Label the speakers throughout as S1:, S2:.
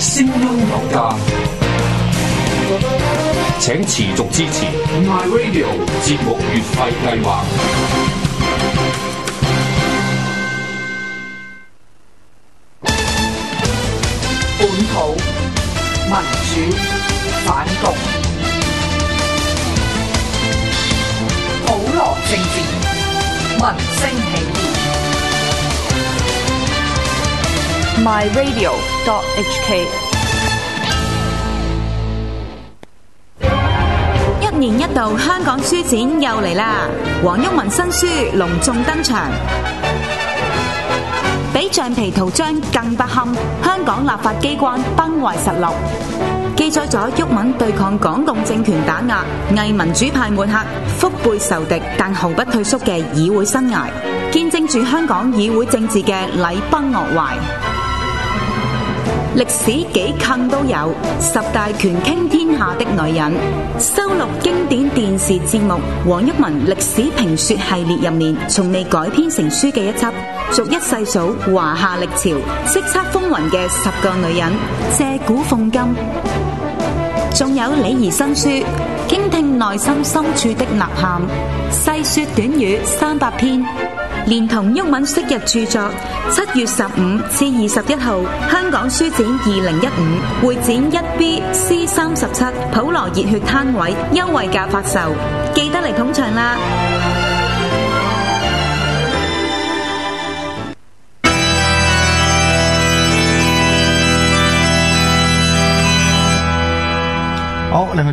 S1: 聲音有價，家請持續支持 My Radio 節目月費計劃，
S2: 本土民
S3: 主反共普羅政治，民生起。My Radio H K。一年一度香港書展又嚟啦，黃毓民新書隆重登場，比橡皮圖章更不堪。香港立法機關崩壞實錄，記載咗毓民對抗港共政權打壓、偽民主派抹黑，腹背受敵但毫不退縮嘅議會生涯，見證住香港議會政治嘅禮崩樂壞。歷史幾近都有十大權傾天下的女人，收錄經典電視節目黃毓民歷史評說系列入面，從未改編成書嘅一輯，逐一細數華夏歷朝叱咤風雲嘅十個女人，借古諷今。仲有李儀新書《傾聽內心深處的吶喊》，細說短語三百篇。連同英文昔日著作，七月十五至二十一號，香港書展二零一五，會展一 B C 三十七普羅熱血攤位，優惠價發售，記得嚟捧場啦！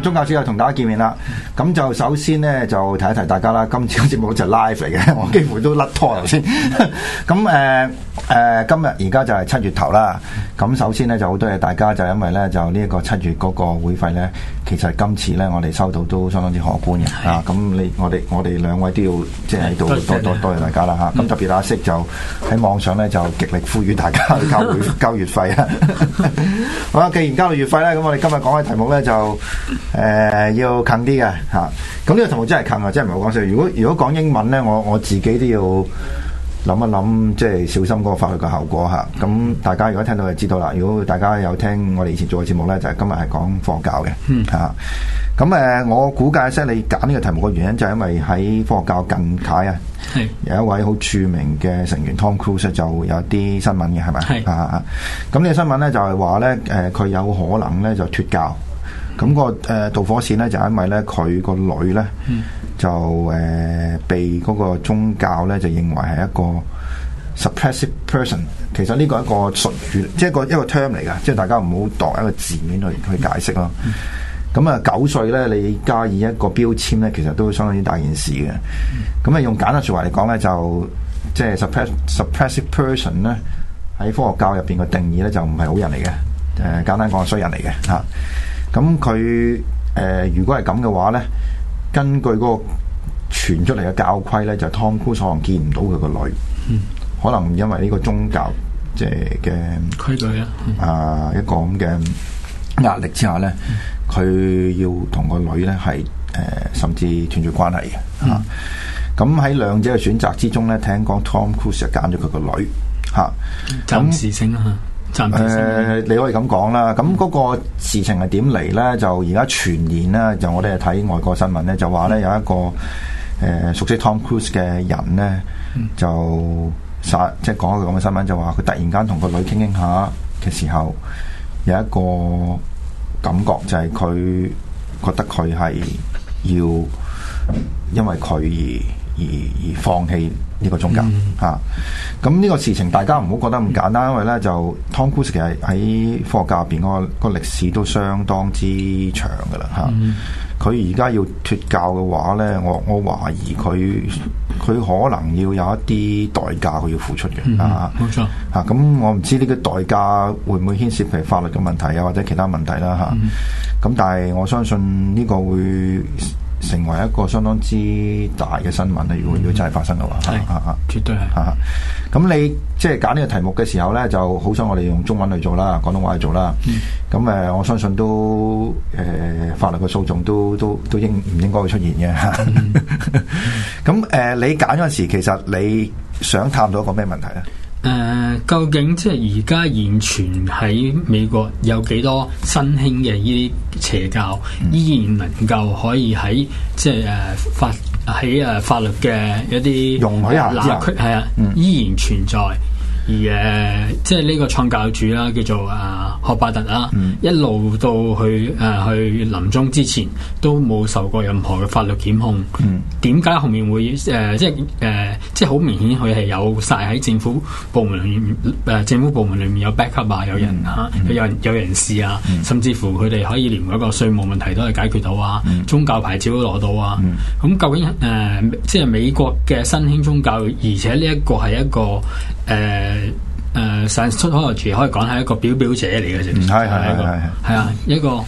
S4: 宗教之後同大家見面啦，咁就首先呢，就提一提大家啦。今次嘅節目就 live 嚟嘅，我幾乎都甩拖頭先。咁誒誒，今日而家就係七月頭啦。咁首先呢，就好多謝，大家就是、因為呢就呢一個七月嗰個會費呢，其實今次呢，我哋收到都相當之可觀嘅的啊。咁你我哋我哋兩位都要即係喺度多的多多謝大家啦嚇。咁的、啊、特別阿、啊、Zeke 就喺網上呢，就極力呼籲大家交月交月費啊。 好啦，既然交到月費呢，咁我哋今日講嘅題目呢，呢就。誒、呃，要近啲嘅吓，咁、啊、呢個題目真係近啊，真係唔好講笑。如果如果講英文咧，我我自己都要諗一諗，即、就、係、是、小心個法律嘅後果吓。咁、嗯、大家如果聽到就知道啦。如果大家有聽我哋以前做嘅節目咧，就係今日係講科學教嘅，吓、啊。咁、啊、誒、嗯，我估計即你揀呢個題目嘅原因，就係因為喺科學教近排啊，嗯、
S2: 有
S4: 一位好著名嘅成員 Tom Cruise 是、啊、就有啲新聞嘅，係咪？係啊是啊！咁呢個新聞咧就係話咧，誒、呃，佢有可能咧就脫教。脫教咁、那個誒導、呃、火線咧就因為咧佢個女咧就誒、呃、被嗰個宗教咧就認為係一個 suppressive person，其實呢個係一個術語，即係一個一個 term 嚟噶，即係大家唔好當一個字面去去解釋咯。咁啊九歲咧你加以一個標籤咧，其實都相當於大件事嘅。咁啊用簡單說話嚟講咧，就即係 suppressive suppressive person 咧喺科學教入邊個定義咧就唔係好人嚟嘅，誒、呃、簡單講係衰人嚟嘅吓。咁佢誒，如果係咁嘅話咧，根據嗰個傳出嚟嘅教規咧，就是、Tom Cruise 可能見唔到佢個女，嗯、可能因為呢個宗教即係嘅規矩啊，啊、呃呃、一個咁嘅壓力之下咧，佢、嗯、要同個女咧係誒，甚至斷絕關係啊。咁喺、嗯、兩者嘅選擇之中咧，聽講 Tom Cruise 就揀咗佢個女嚇，啊、暫時性啊。那嗯誒、呃，你可以咁講啦。咁嗰個事情係點嚟咧？就而家全年咧，就我哋睇外國新聞咧，就話咧有一個誒、呃、熟悉 Tom Cruise 嘅人咧，就殺即係、就是、講開個咁嘅新聞，就話佢突然間同個女傾傾下嘅時候，有一個感覺就係佢覺得佢係要因為佢而而而放棄。呢個宗教嚇，咁呢、嗯啊這個事情大家唔好覺得咁簡單，嗯、因為咧就湯告魯斯其實喺科學界入邊個個歷史都相當之長嘅啦嚇。佢而家要脫教嘅話咧，我我懷疑佢佢可能要有一啲代價佢要付出嘅嚇。冇錯嚇，咁、嗯啊嗯、我唔知呢個代價會唔會牽涉譬如法律嘅問題啊或者其他問題啦嚇。咁但係我相信呢個會成為一個相當之大嘅新聞咧，如果如果真係發生嘅話，係啊、嗯、啊，絕對係啊！咁你即係揀呢個題目嘅時候咧，就好想我哋用中文去做啦，廣東話去做啦。咁誒、嗯啊，我相信都誒、呃、法律嘅訴訟都都都應唔應該會出現嘅。咁誒、呃，你揀嗰陣時，其實你想探到一個咩問題咧？
S1: 誒，究竟即係而家現存喺美國有幾多新興嘅呢啲邪教，嗯、依然能夠可以喺即係誒法喺誒法律嘅一啲容許之下，係啊，依然存在。而誒，即係呢個創教主啦，叫做啊何伯特啊，一路到去誒去臨終之前，都冇受過任何嘅法律檢控。點解後面會誒即係誒即係好明顯佢係有晒喺政府部門裏面誒政府部門裏面有 back up 啊，有人嚇，有人有人事啊，甚至乎佢哋可以連嗰個稅務問題都係解決到啊，宗教牌照都攞到啊。咁究竟誒即係美國嘅新興宗教，而且呢一個係一個。誒誒，散出開嚟，其實可以講係一個表表者嚟嘅，啫，係係係係啊，一個誒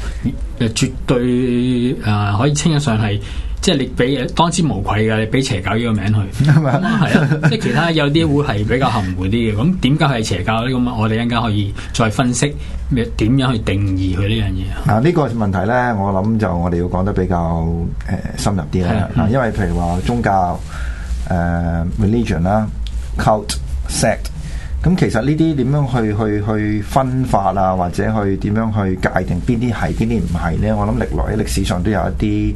S1: 絕對誒可以稱得上係，即係你俾當之無愧嘅，你俾邪教呢個名去係啊，即係其他有啲會係比較含糊啲嘅。咁點解係邪教呢？咁我哋一陣間可以再分析咩？點樣去定義佢呢樣嘢啊？
S4: 啊，呢個問題咧，我諗就我哋要講得比較誒深入啲咧。因為譬如話宗教誒 religion 啦，cult。石咁，其實呢啲點樣去去去分化啊，或者去點樣去界定邊啲係邊啲唔係呢？我諗歷來喺歷史上都有一啲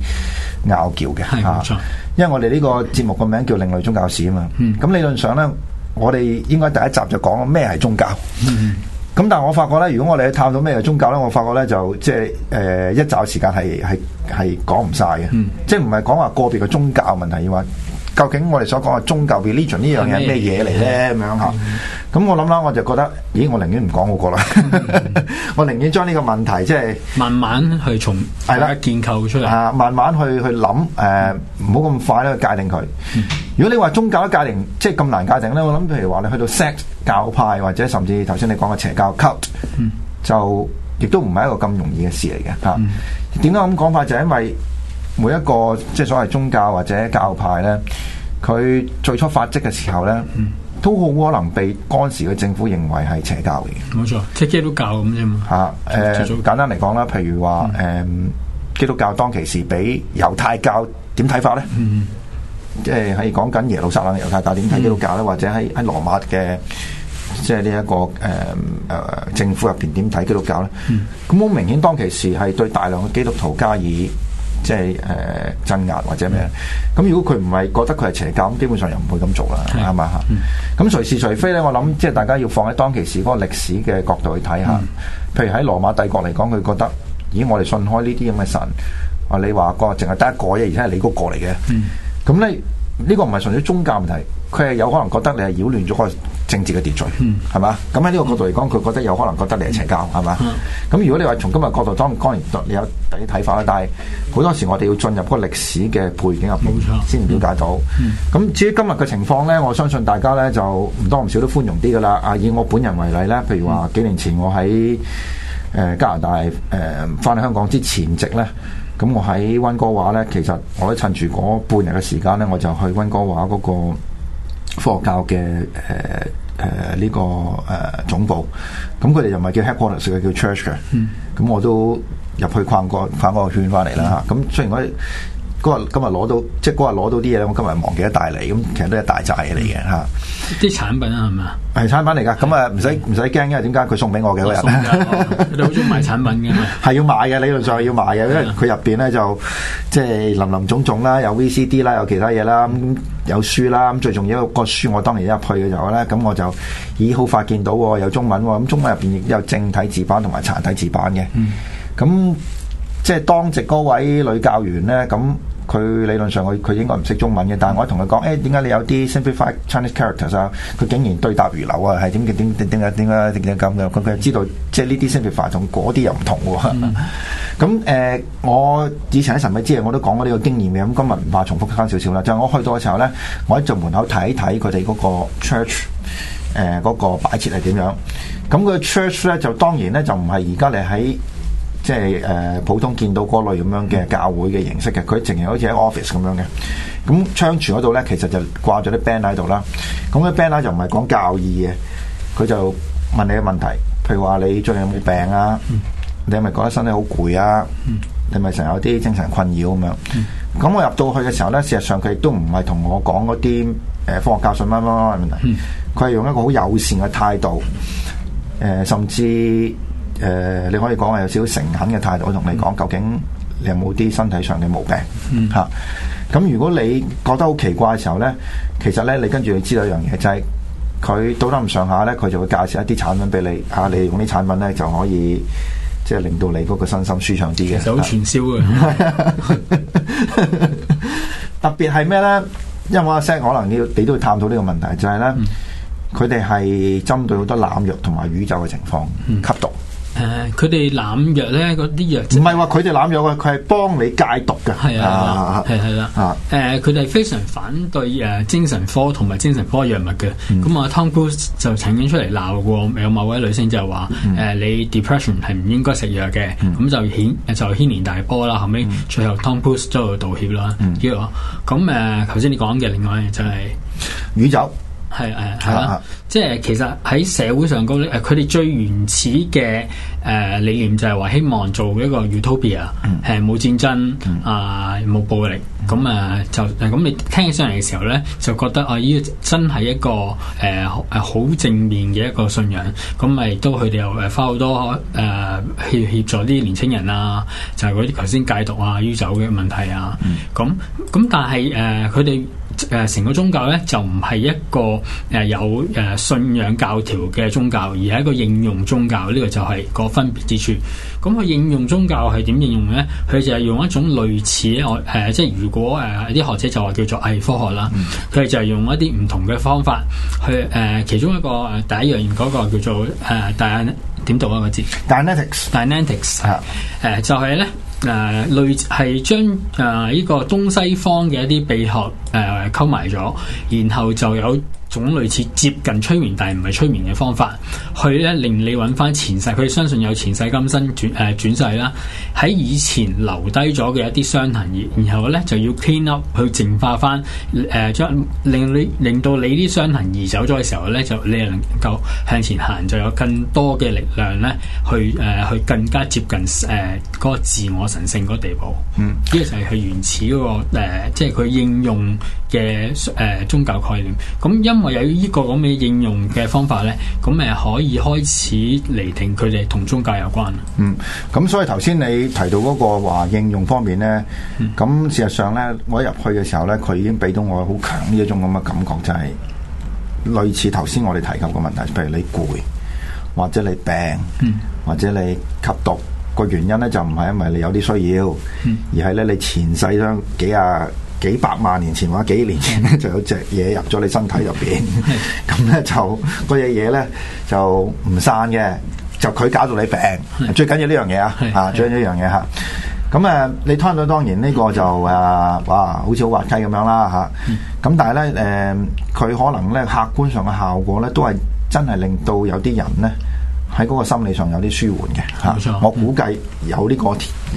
S4: 拗撬嘅，係冇錯。因為我哋呢個節目個名叫另類宗教史啊嘛。咁、嗯、理論上呢，我哋應該第一集就講咩係宗教。咁、嗯、但係我發覺呢，如果我哋去探討咩係宗教呢，我發覺呢就、呃嗯、即係誒一集時間係係係講唔晒嘅。即係唔係講話個別嘅宗教問題而話。究竟我哋所講嘅宗教 religion 呢、嗯、樣嘢係咩嘢嚟咧？咁樣嚇，咁我諗啦，我就覺得，咦，我寧願唔講嗰個啦，我寧願將呢個問題即係、就是、慢慢去從係啦，建構出嚟啊，慢慢去去諗，誒、呃，唔好咁快咧去界定佢。如果你話宗教嘅界定即係咁難界定咧，我諗譬如話你去到 sect 教派或者甚至頭先你講嘅邪教 cult，就亦都唔係一個咁容易嘅事嚟嘅嚇。點解咁講法就是、因為？每一個即係所謂宗教或者教派咧，佢最初發跡嘅時候咧，都好可能被當時嘅政府認為係邪教嘅。
S1: 冇錯，即基督教咁啫嘛。
S4: 吓，誒，簡單嚟講啦，譬如話，誒、嗯，基督教當其時畀猶太教點睇法咧、嗯？嗯，即係喺講緊耶路撒冷嘅猶太教點睇基督教咧？嗯、或者喺喺羅馬嘅，即係呢一個誒誒、呃、政府入邊點睇基督教咧？咁好明顯，當其時係對大量嘅基督徒加以。即係誒、呃、鎮壓或者咩？咁如果佢唔係覺得佢係邪教咁，基本上又唔會咁做啦，係嘛嚇？咁誰是誰非咧，我諗即係大家要放喺當其時嗰個歷史嘅角度去睇下。嗯、譬如喺羅馬帝國嚟講，佢覺得咦，我哋信開呢啲咁嘅神啊！你話個淨係得一個啫，而且係你嗰個嚟嘅，咁咧呢個唔係純粹宗教問題，佢係有可能覺得你係擾亂咗、嗰個，政治嘅秩序，係嘛、嗯？咁喺呢個角度嚟講，佢覺得有可能覺得你係邪教，係嘛？咁、嗯、如果你話從今日角度當當然，你有第一睇法啦。但係好多時我哋要進入嗰個歷史嘅背景入邊，先了、嗯、解到。咁、嗯、至於今日嘅情況咧，我相信大家咧就唔多唔少都寬容啲噶啦。阿、啊、以我本人為例咧，譬如話幾年前我喺誒、呃、加拿大誒翻、呃、香港之前呢，直咧咁我喺温哥華咧，其實我都趁住嗰半日嘅時間咧，我就去温哥華嗰、那個。科學教嘅誒誒呢個誒、呃、總部，咁佢哋又唔係叫 headquarters 嘅，叫 church 嘅，咁我都入去逛過逛過個圈翻嚟啦嚇。咁、mm. 嗯、雖然我，嗰日咁啊攞到，即係嗰日攞到啲嘢，我今日忘記咗帶嚟，咁其實都係大債嚟嘅嚇。
S1: 啲產品啊，係咪
S4: 啊？係產品嚟噶，咁啊唔使唔使驚，因為點解佢送俾我嘅嗰日。佢哋
S1: 好中意賣產品
S4: 嘅。係要買嘅，理論上係要買嘅，因為佢入邊咧就即係林林總總啦，有 VCD 啦，有其他嘢啦，咁有書啦。咁最重要個書，我當年一入去嘅時候咧，咁我就咦好快見到喎，有中文喎，咁中文入邊亦有正體字版同埋殘體字版嘅。咁即係當值嗰位女教員咧，咁。佢理論上佢佢應該唔識中文嘅，但係我同佢講，誒點解你有啲 simplified Chinese characters 啊？佢竟然對答如流啊！係點嘅點點點啊點咁嘅，佢佢知道即係呢啲 simplified 同嗰啲又唔同喎。咁誒、 呃，我以前喺神秘之夜我都講過呢個經驗嘅，咁今日唔怕重複翻少少啦。就係、是、我去到嘅時候咧，我喺做門口睇一睇佢哋嗰個 church 誒、呃、嗰、那個擺設係點樣。咁個 church 咧就當然咧就唔係而家你喺。即係誒、呃，普通見到嗰類咁樣嘅教會嘅形式嘅，佢淨係好似喺 office 咁樣嘅。咁窗櫥嗰度咧，其實就掛咗啲 band 喺度啦。咁啲 band 咧就唔係講教義嘅，佢就問你嘅問題，譬如話你最近有冇病啊？你係咪覺得身體好攰啊？你咪成日有啲精神困擾咁樣。咁我入到去嘅時候咧，事實上佢亦都唔係同我講嗰啲誒科學教訓乜乜乜嘅問題。佢係用一個好友善嘅態度，誒、呃，甚至。誒、呃，你可以講係有少少誠懇嘅態度。我同你講，究竟你有冇啲身體上嘅毛病？嚇、嗯，咁、啊、如果你覺得好奇怪嘅時候呢，其實呢，你跟住你知道一樣嘢，就係佢到得咁上下呢，佢就會介紹一啲產品俾你。嚇、啊，你用啲產品呢，就可以，即、就、係、是、令到你嗰個身心舒暢啲嘅。就好傳銷嘅，特別係咩呢？因為我聲可能要你，你都會探討呢個問題，就係、是、呢，佢哋係針對好多濫藥同埋宇宙嘅情況，吸毒。
S1: 誒，佢哋濫藥咧嗰啲藥，唔係話佢哋濫藥嘅，佢係幫你戒毒嘅。係啊，係係啦。誒、啊，佢哋、啊啊啊呃、非常反對誒精神科同埋精神科藥物嘅。咁啊、嗯、Tom Cruise 就曾經出嚟鬧過，有某位女性就話誒你 depression 係唔應該食藥嘅。咁就顯就牽連大波啦。後尾最後 Tom Cruise 都道歉啦。咁誒、嗯嗯，頭先你講嘅另外就係宇宙。」係誒係啦，即係其實喺社會上講咧，誒佢哋最原始嘅誒、呃、理念就係話希望做一個 Utopia，係冇戰爭、嗯、啊冇暴力，咁誒、嗯、就咁你聽起上嚟嘅時候咧，就覺得啊呢真係一個誒係好正面嘅一個信仰，咁咪都佢哋又誒花好多誒去協助啲年青人啊，就係嗰啲頭先戒毒啊、酗酒嘅問題啊，咁咁、嗯、但係誒佢哋。呃誒，成、呃、個宗教咧就唔係一個誒、呃、有誒、呃、信仰教條嘅宗教，而係一個應用宗教。呢、這個就係個分別之處。咁佢應用宗教係點應用咧？佢就係用一種類似我誒，即係如果誒啲學者就話叫做偽科學啦。佢就係用一啲唔同嘅方法去誒，其中一個第一樣嗰個叫做誒，點、呃、讀啊個字？Dianetics，Dianetics 誒，就係、是、咧。誒、呃，類似係將誒呢個東西方嘅一啲秘學誒溝埋咗，然後就有種類似接近催眠，但係唔係催眠嘅方法，佢咧令你揾翻前世，佢相信有前世今生轉誒轉世啦，喺以前留低咗嘅一啲傷痕，然後咧就要 clean up 去淨化翻誒、呃，將令你令到你啲傷痕移走咗嘅時候咧，就你能夠向前行，就有更多嘅力量咧去誒、呃、去更加接近誒嗰個自我神性嗰個地步。
S2: 嗯，
S1: 呢個就係佢原始嗰、那個誒、呃，即係佢應用嘅誒、呃呃、宗教概念。咁因因為有呢個咁嘅應用嘅方法呢，咁誒可以開始釐定佢哋同宗教有關。嗯，
S4: 咁所以頭先你提到嗰個話應用方面呢，咁、嗯、事實上呢，我一入去嘅時候呢，佢已經俾到我好強呢一種咁嘅感覺，就係、是、類似頭先我哋提及嘅問題，譬如你攰，或者你病，嗯、或者你吸毒，個原因呢，就唔係因為你有啲需要，而係呢，你前世都幾啊。幾百萬年前或者幾年前咧，嗯、 就有隻嘢入咗你身體入邊，咁咧是 就嗰隻嘢咧就唔散嘅，就佢搞到你病，是最緊要呢樣嘢啊！啊是，最緊要呢樣嘢嚇。咁誒的，你聽到當然呢個就誒、啊，哇，好似好滑稽咁樣啦嚇。咁、啊、的但係咧誒，佢、呃、可能咧客觀上嘅效果咧，都係真係令到有啲人咧。喺嗰個心理上有啲舒緩嘅，冇錯，我估計有呢、呢個，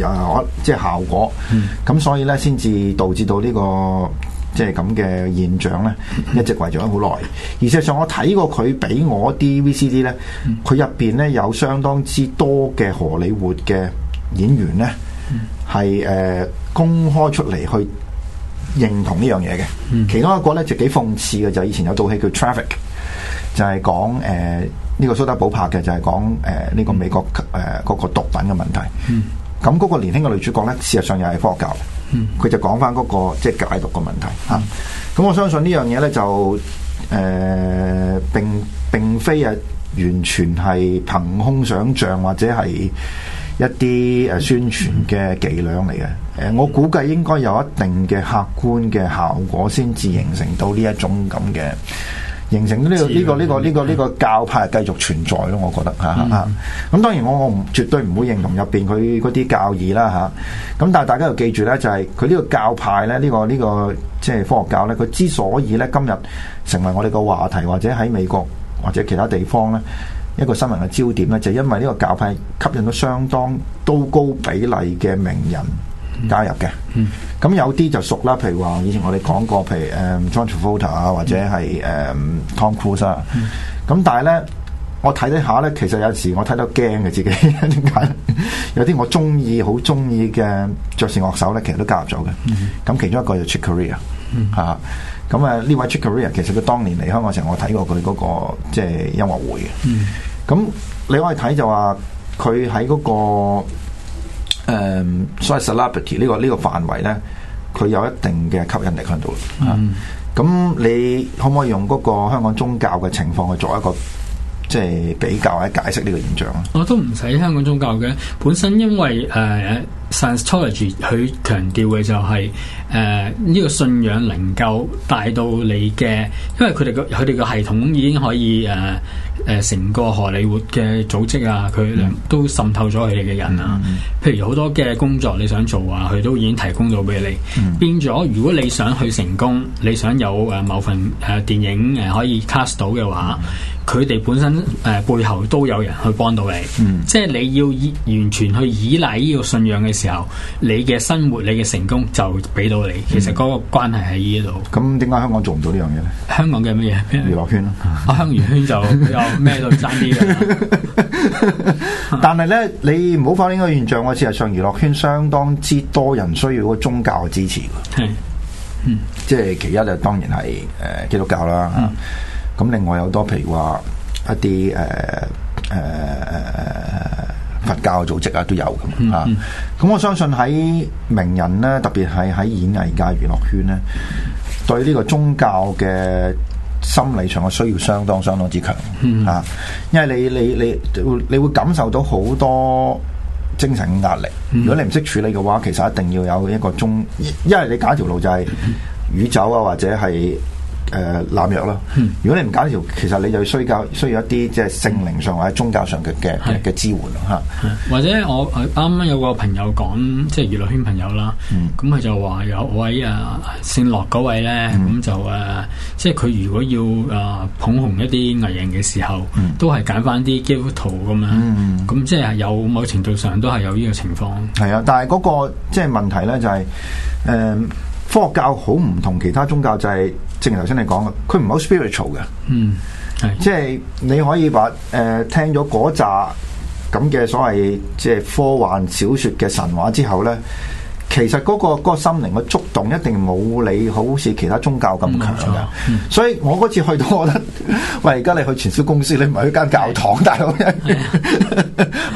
S4: 有即係效果。咁、嗯、所以咧，先至導致到呢、呢個即係咁嘅現象咧，一直維咗好耐。而事實上我我，我睇過佢俾我啲 VCD 咧，佢入邊咧有相當之多嘅荷里活嘅演員咧，係誒、嗯呃、公開出嚟去認同呢樣嘢嘅。嗯、其中一個咧就幾諷刺嘅，就係以前有套戲叫《Traffic》，呃，就係講誒。呢個蘇德堡拍嘅就係講誒呢個美國誒嗰、呃那個、毒品嘅問題。咁嗰、嗯、個年輕嘅女主角呢，事實上又係科學教。佢、嗯、就講返嗰個即係、就是、解毒嘅問題。咁、嗯啊、我相信呢樣嘢呢，就誒、呃、並並非係完全係憑空想像或者係一啲誒宣傳嘅伎倆嚟嘅。誒、嗯、我估計應該有一定嘅客觀嘅效果先至形成到呢一種咁嘅。形成呢、這個呢、這個呢、這個呢、這個呢、這個教派繼續存在咯，我覺得嚇咁、嗯啊、當然我我唔絕對唔會認同入邊佢嗰啲教義啦嚇。咁、啊、但係大家要記住呢，就係佢呢個教派咧，呢、這個呢、這個即係、這個、科學教呢，佢之所以咧今日成為我哋個話題，或者喺美國或者其他地方呢，一個新聞嘅焦點呢，就係、因為呢個教派吸引到相當都高比例嘅名人。加入嘅，咁有啲就熟啦，譬如話以前我哋講過，譬如誒 John Travolta 啊，或者係誒、mm. 嗯、Tom Cruise 啊，咁但係咧，我睇得下咧，其實有陣時我睇到驚嘅自己， 點解有啲我中意、好中意嘅爵士樂手咧，其實都加入咗嘅。咁、mm. 其中一個就 Chick Corea，吓、mm. 啊，咁啊呢位 Chick Corea，其實佢當年嚟香港嘅時候，我睇過佢嗰、那個即係、就是、音樂會嘅。咁、mm. 你可以睇就話佢喺嗰個。誒，um, 所以 celebrity、這個這個、呢個呢個範圍咧，佢有一定嘅吸引力響度、嗯、啊！咁、嗯、你可唔可以用嗰個香港宗教嘅情況去做一個。即係比較喺解釋呢個現象
S1: 啊！我都唔使香港宗教嘅本身，因為誒、呃、Scientology 佢強調嘅就係誒呢個信仰能夠帶到你嘅，因為佢哋嘅佢哋嘅系統已經可以誒誒、呃呃、成個荷里活嘅組織啊，佢都滲透咗佢哋嘅人啊。Mm. 譬如好多嘅工作你想做啊，佢都已經提供咗俾你。Mm. 變咗，如果你想去成功，你想有誒某份誒電影誒可以 cast 到嘅話。Mm. 佢哋本身誒、呃、背後都有人去幫到你，嗯、即係你要完全去依賴呢個信仰嘅時候，你嘅生活、你嘅成功就俾到你。其實嗰個關係喺呢度。咁
S4: 點解香港做唔到呢樣嘢咧？香港嘅咩嘢？娛樂圈咯，啊，娛樂
S1: 圈就比較咩咯，爭啲。
S4: 但係咧，你唔好忽略呢個現象，我知係上娛樂圈相當之多人需要個宗教嘅支持。係，嗯，即係其一就當然係誒基督教啦。 嗯咁另外有多，譬如話一啲誒誒誒佛教嘅組織、嗯嗯、啊，都有咁啊。咁我相信喺名人咧，特別係喺演藝界、娛樂圈咧，對呢個宗教嘅心理上嘅需要相當相當之強、嗯嗯、啊。因為你你你你、你會、你會感受到好多精神嘅壓力。如果你唔識處理嘅話，其實一定要有一個中。因為你揀一條路就係宇宙啊，或者係。誒濫藥咯，嗯、如果你唔搞條，其實你就需要需要一啲即係聖靈上或者宗教上嘅嘅嘅支援嚇。嗯、
S1: 或者我啱啱有個朋友講，即、就、係、係、娛樂圈朋友啦，咁佢、嗯、就話有位啊聖樂嗰位咧，咁、嗯、就誒、啊，即係佢如果要啊捧紅一啲藝人嘅時候，嗯、都係揀翻啲基督徒咁樣，咁、嗯、即係有某程度上都係有呢個情況。
S2: 係啊，
S4: 但係嗰個即係問題咧、就係，就係誒科學教好唔同其他宗教，就係、係。正如頭先你講嘅，佢唔好 spiritual 嘅，嗯，即係你可以話誒、呃、聽咗嗰集咁嘅所謂即係科幻小説嘅神話之後咧。其實嗰、嗰個、嗰個心靈嘅觸動一定冇你好似其他宗教咁強嘅，嗯、所以我嗰次去到，我覺得 喂，而家你去傳銷公司，你唔係去間教
S1: 堂，大佬係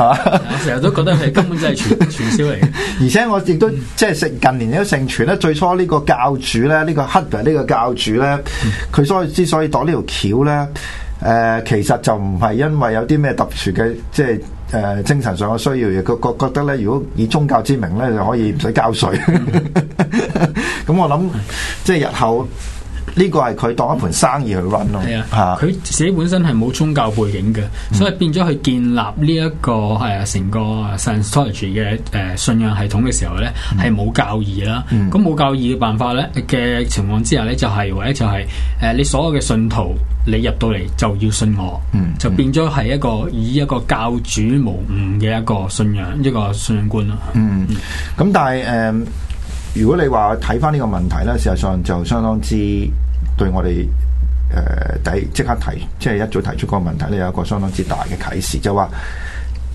S1: 我成日都覺得佢根本就係傳
S4: 傳銷嚟嘅， 而且我亦都、嗯、即係成近年都盛傳咧，最初呢個教主咧，呢、呢個黑人呢個教主咧，佢、嗯、所以之所以度呢條橋咧，誒、呃，其實就唔係因為有啲咩特殊嘅，即係。誒、呃、精神上嘅需要，亦覺覺覺得咧，如果以宗教之名咧，就可以唔使交稅。咁我諗，即係日後。
S1: 呢個係佢當一盤生意去 run 咯，係、嗯、
S2: 啊，
S4: 佢、
S1: 啊、自己本身係冇宗教背景嘅，嗯、所以變咗佢建立呢、這、一個係啊成個 Scientology 嘅誒信仰系統嘅時候咧，係冇教義啦，咁冇、嗯、教義嘅辦法咧嘅情況之下咧，就係或者就係、是、誒你所有嘅信徒你入到嚟就要信我，嗯、就變咗係一個以一個教主無誤嘅一個信仰一個信仰觀咯。嗯，
S4: 咁但係誒、呃，如果你話睇翻呢個問題咧，事實上就相當之。對我哋誒提，即刻提，即係一早提出個問題咧，有一個相當之大嘅啟示，就係話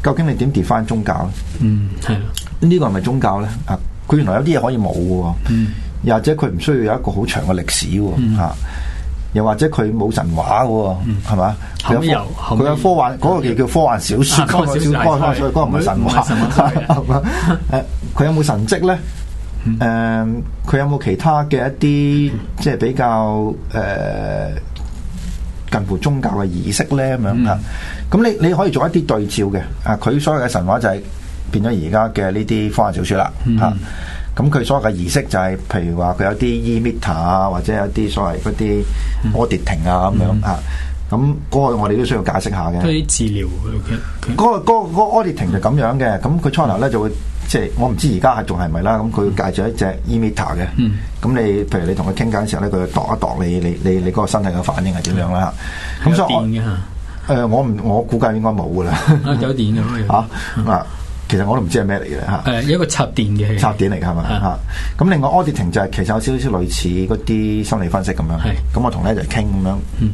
S4: 究竟你點跌翻宗教？嗯，係咯，呢個係咪宗教咧？啊，佢原來有啲嘢可以冇
S2: 嘅，
S4: 又或者佢唔需要有一個好長嘅歷史，吓，又或者佢冇神話嘅，係嘛？有佢有科幻嗰個叫叫科幻小說，科幻小說，科幻小說，所以唔係神話，誒，佢有冇神跡咧？誒，佢、 嗯、有冇其他嘅一啲即係比較誒、呃、近乎宗教嘅儀式咧？咁樣啊？咁、嗯、你你可以做一啲對照嘅啊。佢所謂嘅神話就係變咗而家嘅呢啲科幻小説啦嚇。咁、啊、佢、啊、所謂嘅儀式就係、是、譬如話佢有啲 E-meter 啊，或者有啲所謂嗰啲 auditing 啊咁樣啊。咁、啊、嗰、啊那個我哋都需要解釋下嘅。嗰
S1: 啲治療
S4: 嗰、okay, okay 那個嗰、那個嗰、那個、auditing 就咁樣嘅，咁佢、嗯、初頭咧就會。即係我唔知而家係仲係咪啦，咁佢介紹一隻 emitter 嘅。咁、嗯、你譬如你同佢傾偈嘅時候咧，佢度一度你你你你嗰個身體嘅反應係點樣啦？咁所以誒、呃，我唔我估計應該冇嘅啦。有電咁嘅啊。嗯啊嗯其實我都唔知係咩嚟嘅吓，誒，一個插電嘅插電嚟嘅，係嘛吓，咁的、啊、另外，auditing 就係、是、其實有少少類似嗰啲心理分析咁樣，咁的我同你一齊傾咁樣，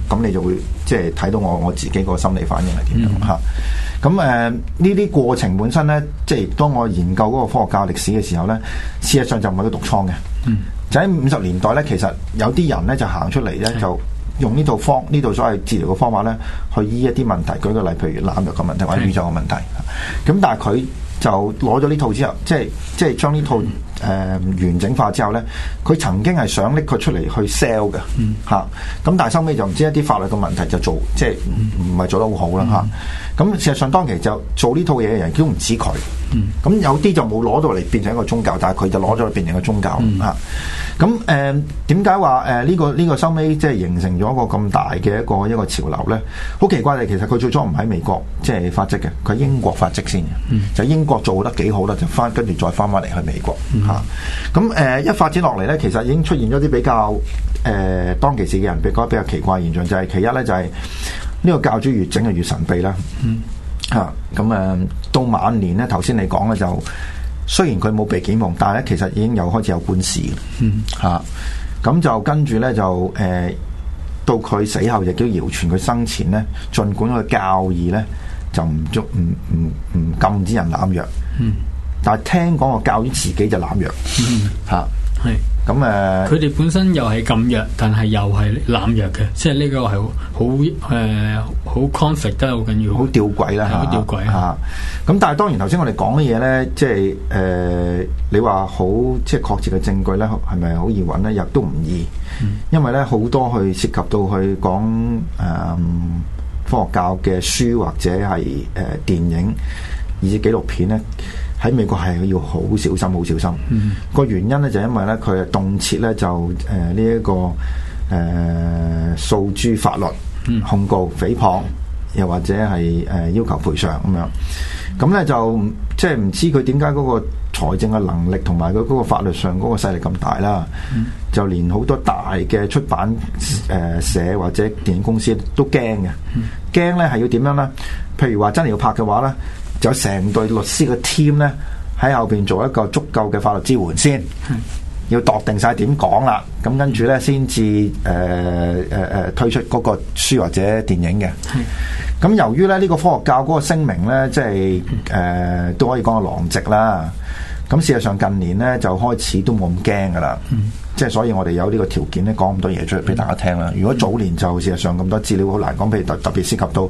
S4: 咁、嗯、你就會即係睇到我我自己個心理反應係點樣吓，咁誒呢啲過程本身咧，即係當我研究嗰個科學教歷史嘅時候咧，事實上就唔係個獨創嘅。嗯、就喺五十年代咧，其實有啲人咧就行出嚟咧就。用呢套方呢套所謂治療嘅方法咧，去醫一啲問題。舉個例，譬如濫藥嘅問題或者宇宙嘅問題咁 但係佢就攞咗呢套之後，即係即係將呢套。誒、呃、完整化之後咧，佢曾經係想拎佢出嚟去 sell 嘅，嚇咁、嗯啊，但係收尾就唔知一啲法律嘅問題就做，即係唔係做得好好啦嚇。咁、嗯啊、事實上當期就做呢套嘢嘅人，都唔知佢，咁、嗯啊、有啲就冇攞到嚟變成一個宗教，但係佢就攞咗去變成一個宗教嚇。咁誒點解話誒呢個呢、這個收尾即係形成咗一個咁大嘅一個一個潮流咧？好奇怪，其實佢最初唔喺美國即係、就是、發跡嘅，佢喺英國發跡先嘅，就喺、是英,嗯、英國做得幾好啦，就翻跟住再翻返嚟去美國。啊，咁誒、呃、一發展落嚟咧，其實已經出現咗啲比較誒、呃、當其時嘅人，比較比較奇怪現象，就係、是、其一咧，就係、是、呢個教主越整就越神秘啦、
S2: 嗯
S4: 啊。嗯，嚇，咁誒到晚年咧，頭先你講嘅就雖然佢冇被檢控，但係咧其實已經有開始有官司。嗯，嚇、啊，咁就跟住咧就誒、呃、到佢死後亦都遙傳，佢生前咧，儘管佢教義咧就唔足，唔唔唔禁止人濫藥。嗯。但係聽講個教于自己就濫藥吓，係咁誒，佢
S1: 哋本身又係咁弱，但係又係濫藥嘅，即係呢個係好，誒好 conflict 都係好緊要，
S4: 好吊詭啦吓，好吊詭啊！咁但係當然頭先我哋講嘅嘢咧，即係誒，你話好即係確切嘅證據咧，係咪好易搵咧？亦都唔易，因為咧好多去涉及到去講誒科學教嘅書或者係誒電影，以至紀錄片咧。喺美國係要好小，小心，好小心。個原因咧就是、因為咧佢啊動輒咧就誒呢一個誒、呃、訴諸法律、嗯、控告、誹謗，又或者係誒、呃、要求賠償咁樣。咁咧就即係唔知佢點解嗰個財政嘅能力同埋佢嗰個法律上嗰個勢力咁大啦。嗯、就連好多大嘅出版誒社或者電影公司都驚嘅，驚咧係要點樣咧？譬如話真係要拍嘅話咧。有成隊律師嘅 team 咧喺後邊做一個足夠嘅法律支援先，是要度定晒點講啦。咁跟住咧先至誒誒誒推出嗰個書或者電影嘅。咁是由於咧呢、呢個科學教嗰個聲明咧，即係誒、呃、都可以講個狼藉啦。咁事實上近年咧就開始都冇咁驚噶啦。嗯、即係所以我哋有呢個條件咧講咁多嘢出嚟俾大家聽啦。嗯、如果早年就事實上咁多資料好難講，譬如特特別涉及到。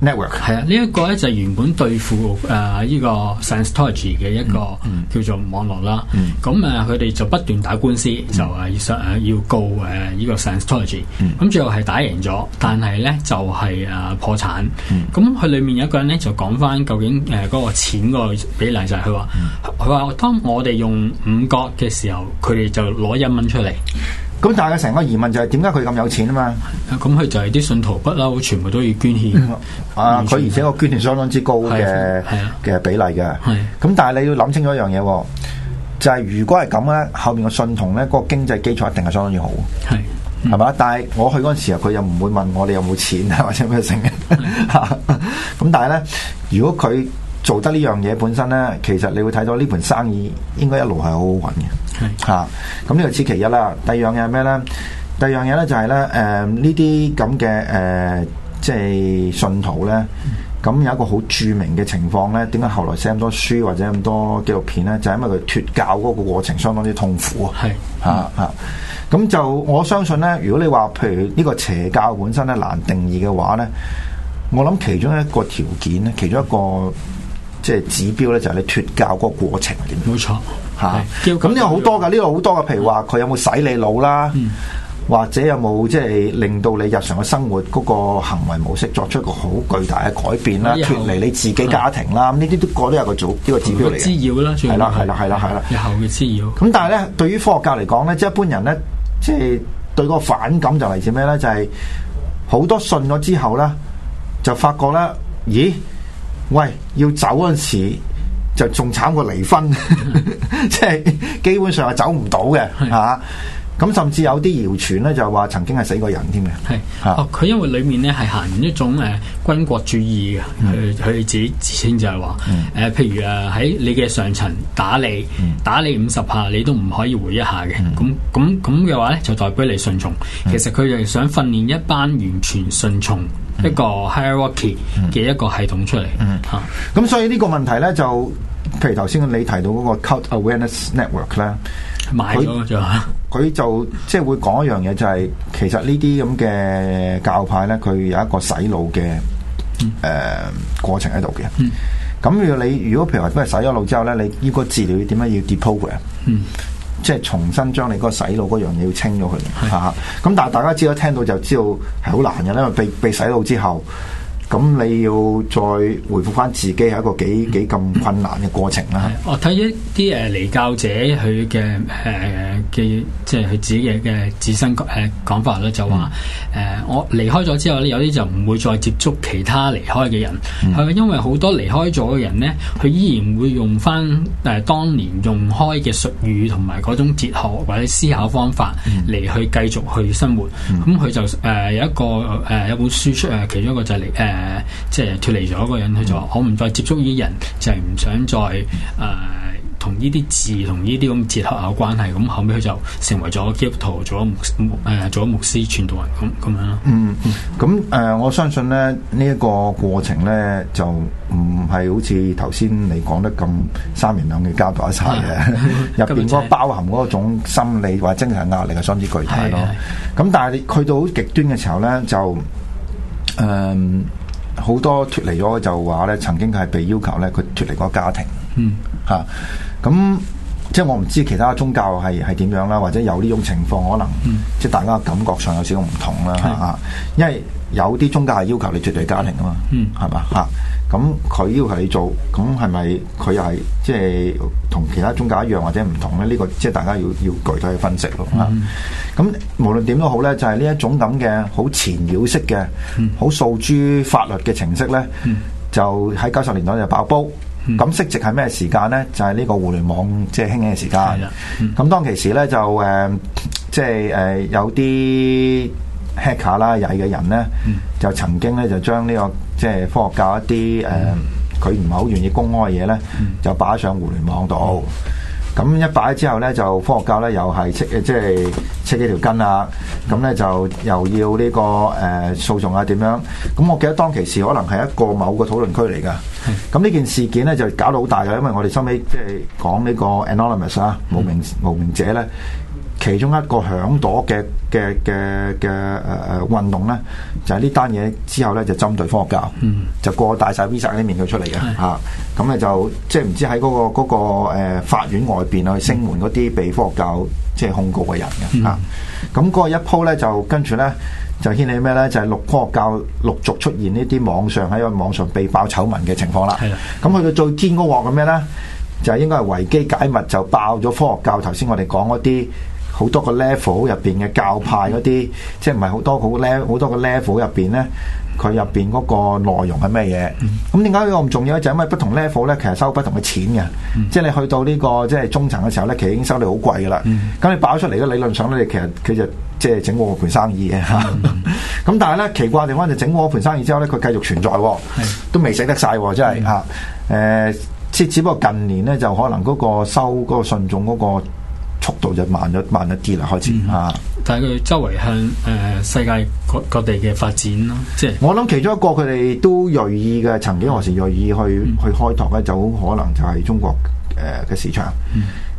S1: 係啊，呢一 Network、呢個咧就原本對付誒依、呃這個 Scientology 嘅一個叫做網絡啦，咁誒佢哋就不斷打官司，嗯、就係要上要告誒呢個 Scientology 咁、嗯、最後係打贏咗，但係咧就係、係、誒破產。咁佢、嗯、裡面有一個人咧就講翻究竟誒嗰個錢個比例就係佢話佢話當我哋用五角嘅時候，佢哋就攞一蚊出嚟。咁大家成個疑問就係點解佢咁有錢啊嘛？咁佢就係啲信徒不嬲，全部都要捐獻，嗯。
S4: 啊，佢而且個捐獻相當之高嘅嘅比例嘅。係咁的，但係你要諗清楚一樣嘢，就係、是、如果係咁咧，後面個信徒咧、個經濟基礎一定係相當之好。係係嘛？但係我去嗰陣時候，佢又唔會問我你有冇錢啊或者咩成嘅。咁的 但係咧，如果佢做得呢樣嘢本身呢，其實你會睇到呢盤生意應該一路係好好揾嘅。係嚇是，咁呢個此其一啦。第二樣嘢係咩呢？第二、就是呃、這這樣嘢呢就係呢，誒呢啲咁嘅誒，即係信徒呢。咁、嗯嗯嗯、有一個好著名嘅情況呢，點解後來寫咁多書或者咁多紀錄片呢？就係、是、因為佢脱教嗰個過程相當之痛苦啊。係嚇嚇，咁、嗯啊啊、就我相信呢，如果你話譬如呢個邪教本身呢難定義嘅話呢，我諗其中一個條件呢，其中一個、嗯。即係指標咧，就係你脱教個過程係點？冇錯嚇，咁呢個好多噶，呢個好多噶。譬如話佢有冇洗你腦啦，嗯、或者有冇即係令到你日常嘅生活嗰個行為模式作出一個好巨大嘅改變啦，脱離你自己家庭啦，呢啲都個都有個組，呢個指標嚟。滋擾啦，係啦，係啦，係啦，係啦，以後嘅滋擾。咁但係咧，對於科學教嚟講咧，即係一般人咧，即係對個反感就嚟自咩咧？就係好多信咗之後咧，就發覺咧，咦？喂，要走嗰陣時就仲慘過離婚，即係 基本上係走唔到嘅，嚇、啊。咁甚至有啲謠傳咧，就係話曾經係死過人添嘅。係，哦，
S1: 佢因為裡面咧係行一種誒軍國主義嘅，佢佢哋自己自稱就係話誒，譬如誒喺你嘅上層打你，打你五十下，你都唔可以回一下嘅。咁咁咁嘅話咧，就代表你順從。其實佢哋想訓練一班完全順從一個 hierarchy 嘅一個系統出嚟。
S4: 嚇，咁所以呢個問題咧，就譬如頭先你提到嗰個 cult awareness network 啦，
S1: 買咗就。
S4: 佢就即係會講一樣嘢，就係、是就是、其實呢啲咁嘅教派咧，佢有一個洗腦嘅誒過程喺度嘅。咁如果你如果譬如話，因為洗咗腦之後咧，你呢個治療點樣要 deprogram、嗯、即係重新將你嗰個洗腦嗰樣嘢要清咗佢。吓，咁是， 但係大家知道一聽到就知道係好難嘅，因為被被洗腦之後。咁你要再回覆翻自己係一個幾幾咁困難嘅過程啦 、
S1: 啊。我睇一啲誒離教者佢嘅誒嘅即係佢自己嘅自身誒講法咧，就話誒我離開咗之後咧，有啲就唔會再接觸其他離開嘅人，係、嗯、因為好多離開咗嘅人咧，佢依然會用翻誒當年用開嘅術語同埋嗰種哲學或者思考方法嚟去繼續去生活。咁佢、嗯嗯啊、就誒、啊、有一個誒、啊、有本書出誒，其中一個就係、是、誒。啊啊啊啊啊啊啊誒，即係脫離咗一個人，佢就我唔再接觸呢啲人，就係、是、唔想再誒同呢啲字同呢啲咁哲學有關係。咁後尾佢就成為咗基督徒，做咗牧誒、呃、做咗牧師傳道人，咁咁樣
S4: 咯。樣嗯，咁誒、呃，我相信咧呢一、這個過程咧就唔係好似頭先你講得咁三言兩語交代一齊嘅，入邊嗰個包含嗰種心理或者精神壓力係相當之巨大咯。咁的但係去到好極端嘅時候咧就誒。嗯好多脱離咗就話咧，曾經係被要求咧，佢脱離個家庭。嗯，嚇、啊，咁即係我唔知其他宗教係係點樣啦，或者有呢種情況，可能、嗯、即係大家嘅感覺上有少少唔同啦嚇是、啊。因為有啲宗教係要求你脫離家庭啊嘛，嗯，係嘛嚇。啊。咁佢要求你做，咁係咪佢又係即係同其他宗教一樣或者唔同咧？呢、這個即係大家要要具體去分析咯。咁、嗯、無論點都好咧，就係、是、呢一種咁嘅好纏繞式嘅好訴諸法律嘅程式咧，嗯、就喺九十年代就爆煲。咁適值係咩時間咧？就係、是、呢個互聯網即係興起嘅時間。咁、嗯、當其時咧就誒，即係誒有啲。黑客啦，曳嘅人咧，嗯、就曾經咧就將呢、這個即係、就是、科學教一啲誒佢唔係好願意公開嘅嘢咧，嗯、就擺上互聯網度。咁、嗯、一擺之後咧，就科學教咧又係即係扯幾條筋啊。咁咧、嗯、就又要呢、這個誒、呃、訴訟啊點樣？咁我記得當其時可能係一個某個討論區嚟㗎。
S2: 咁
S4: 呢、嗯、件事件咧就搞到好大，就因為我哋收尾即係講呢個 anonymous 啊，無名呢無名者咧。其中一個響朵嘅嘅嘅嘅誒誒運動咧，就係呢單嘢之後咧，就針對科學教，嗯、就過大晒 Visa 裏面佢出嚟嘅嚇。咁咧、啊、就即係唔知喺嗰、嗰個嗰、嗰個、法院外邊去聲援嗰啲被科學教即係控告嘅人嘅嚇。咁嗰、嗯啊嗰個一鋪咧，就跟住咧就掀起咩咧？就係六、就係、科學教陸續出現呢啲網上喺個網上被爆醜聞嘅情況啦。咁去到最堅嗰鑊嘅咩咧？就應該係維基解密就爆咗科學教頭先我哋講嗰啲。好多個 level 入邊嘅教派嗰啲，即係唔係好多好 level 好多個 level 入邊咧？佢入邊嗰個內容係咩嘢？咁點解咁重要咧？就係、因為不同 level 咧，其實收不同嘅錢嘅。嗯、即係你去到呢、呢個即係中層嘅時候咧，其實已經收你好貴噶啦。咁、嗯、你爆出嚟嘅理論上咧，其實佢就即係整個我盤生意嘅嚇。咁、嗯嗯、 但係咧，奇怪嘅地方就整嗰盤生意之後咧，佢繼續存在喎、哦，嗯、都未死得曬、哦，真係嚇。誒、嗯，只只不過近年咧，就可能嗰個收嗰、嗰個信眾嗰、嗰個。速度就慢咗慢一啲啦，開始、嗯、啊！
S2: 但係
S1: 佢周圍向誒、呃、世界各各地嘅發展咯，即
S4: 係是我諗其中一個佢哋都銳意嘅，曾幾何時銳意去、嗯、去開拓咧，就可能就係中國誒嘅、呃、市場。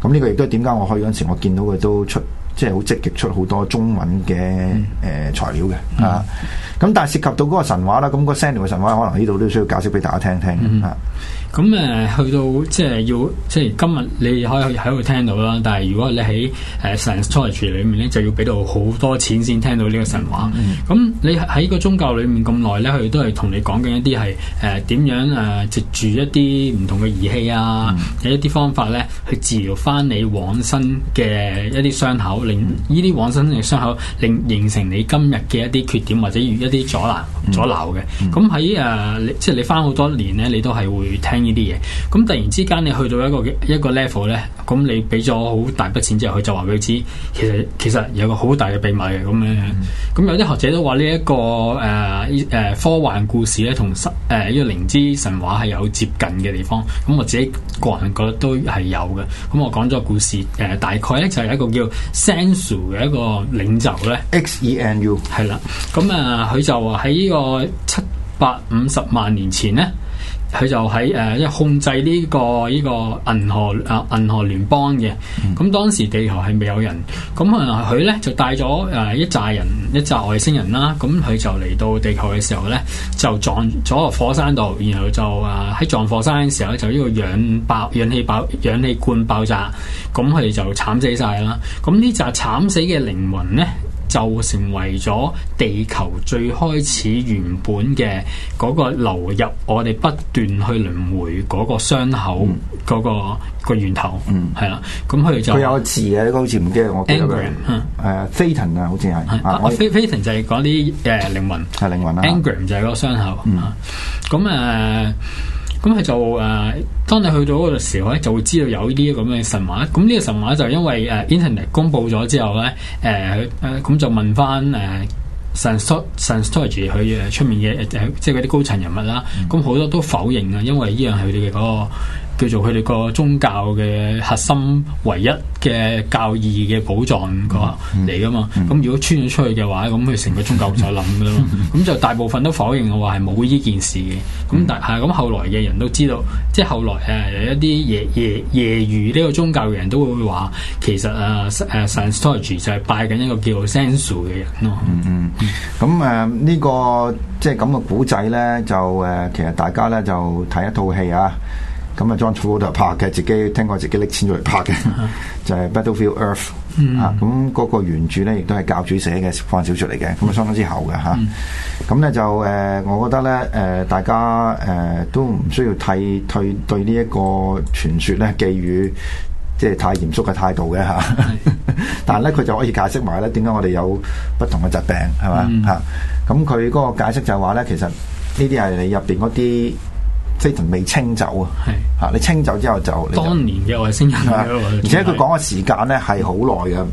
S4: 咁呢、嗯、個亦都係點解我去嗰陣時，我見到佢都出即係好積極出好多中文嘅誒材料嘅啊！咁但係涉及到嗰個神話啦，咁個 Central 嘅神話可能呢度都需要解釋俾大家聽聽吓。嗯
S1: 咁誒、嗯、去到即係要即係今日，你可以喺度聽到啦。但係如果你喺誒、呃、Scientology 裏面咧，就要俾到好多錢先聽到呢個神話，咁、嗯、你喺個宗教裏面咁耐咧，佢都係、呃呃、同你講緊一啲係誒點樣誒藉住一啲唔同嘅儀器啊，有、嗯、一啲方法咧去治療翻你往生嘅一啲傷口，令呢啲往生嘅傷口令形成你今日嘅一啲缺點或者一啲阻攔阻撓嘅。咁喺誒，即係你翻好多年咧，你都係會聽。呢啲嘢，咁突然之間你去到一個一個 level 咧，咁你俾咗好大筆錢之後，佢就話俾你知，其實其實有個好大嘅秘密嘅咁樣，咁、嗯、有啲學者都話呢一個誒誒、呃呃、科幻故事咧，同誒呢個靈知神話係有接近嘅地方，咁我自己個人覺得都係有嘅，咁我講咗個故事，誒、呃、大概咧就係、是、一個叫 Xenu 嘅一個領袖咧，Xenu 係啦，咁啊佢就話喺呢個七百五十萬年前咧。佢就喺誒，即、呃、控制呢個呢個銀河啊，銀河聯邦嘅咁。嗯、當時地球係未有人咁啊，佢咧就帶咗誒一紮人一紮外星人啦。咁佢就嚟到地球嘅時候咧，就撞咗個火山度，然後就啊喺撞火山嘅時候就呢個氧爆氧氣爆氧氣罐爆炸，咁佢哋就慘死晒啦。咁呢紮慘死嘅靈魂咧，就成為咗地球最開始原本嘅嗰個流入我哋不斷去輪迴嗰個傷口嗰、嗯那個、那個源頭，嗯，係啦，咁佢就佢有
S4: 個字嘅，嗰、這個好似唔記得的我。Engram，係
S1: 啊，飛騰、呃、啊，好
S4: 似係，我飛
S1: 飛騰就係講啲誒靈魂，
S4: 係靈魂啦。Engram
S1: 就係嗰個傷口，咁誒、嗯。啊咁佢就誒、呃，當你去到嗰度時候咧，就會知道有呢啲咁嘅神話。咁呢個神話就因為誒 Internet、呃、公佈咗之後咧，誒、呃、誒，咁、呃、就問翻誒，Scientology 佢誒出面嘅誒、呃，即係嗰啲高層人物啦。咁好、嗯、多都否認啊，因為呢樣係佢哋嘅嗰個。叫做佢哋、嗯、個宗教嘅核心、唯一嘅教義嘅寶藏嚟噶嘛？咁如果穿咗出去嘅話，咁佢成個宗教就諗嘅咯。咁、嗯、就大部分都否認嘅話，係冇呢件事嘅。咁但係咁後來嘅人都知道，即係後來誒有一啲業業業餘呢個宗教嘅人都會話，其實誒 Scientology 就係拜緊一個叫 Xenu 嘅人
S4: 咯。嗯嗯，咁誒呢個即係咁嘅古仔咧，就誒其實大家咧就睇一套戲啊。咁啊，John Travolta 拍嘅，自己聽過自己拎錢咗嚟拍嘅， 就係 Battlefield Earth、嗯、啊。咁、那、嗰個原著咧，亦都係教主寫嘅科幻小説嚟嘅，咁啊相當之厚嘅嚇。咁、啊、咧、嗯、就誒、呃，我覺得咧誒、呃，大家誒、呃、都唔需要替退對，對傳說呢一個傳説，咧寄予即係太嚴肅嘅態度嘅嚇。啊嗯、 但係咧，佢就可以解釋埋咧點解我哋有不同嘅疾病係嘛嚇。咁佢嗰個解釋就係話咧，其實呢啲係你入邊嗰啲。飛騰未清走，是啊！係嚇，你清走之後就當
S1: 年嘅外星人， 而且佢
S4: 講嘅時間咧係好耐嘅，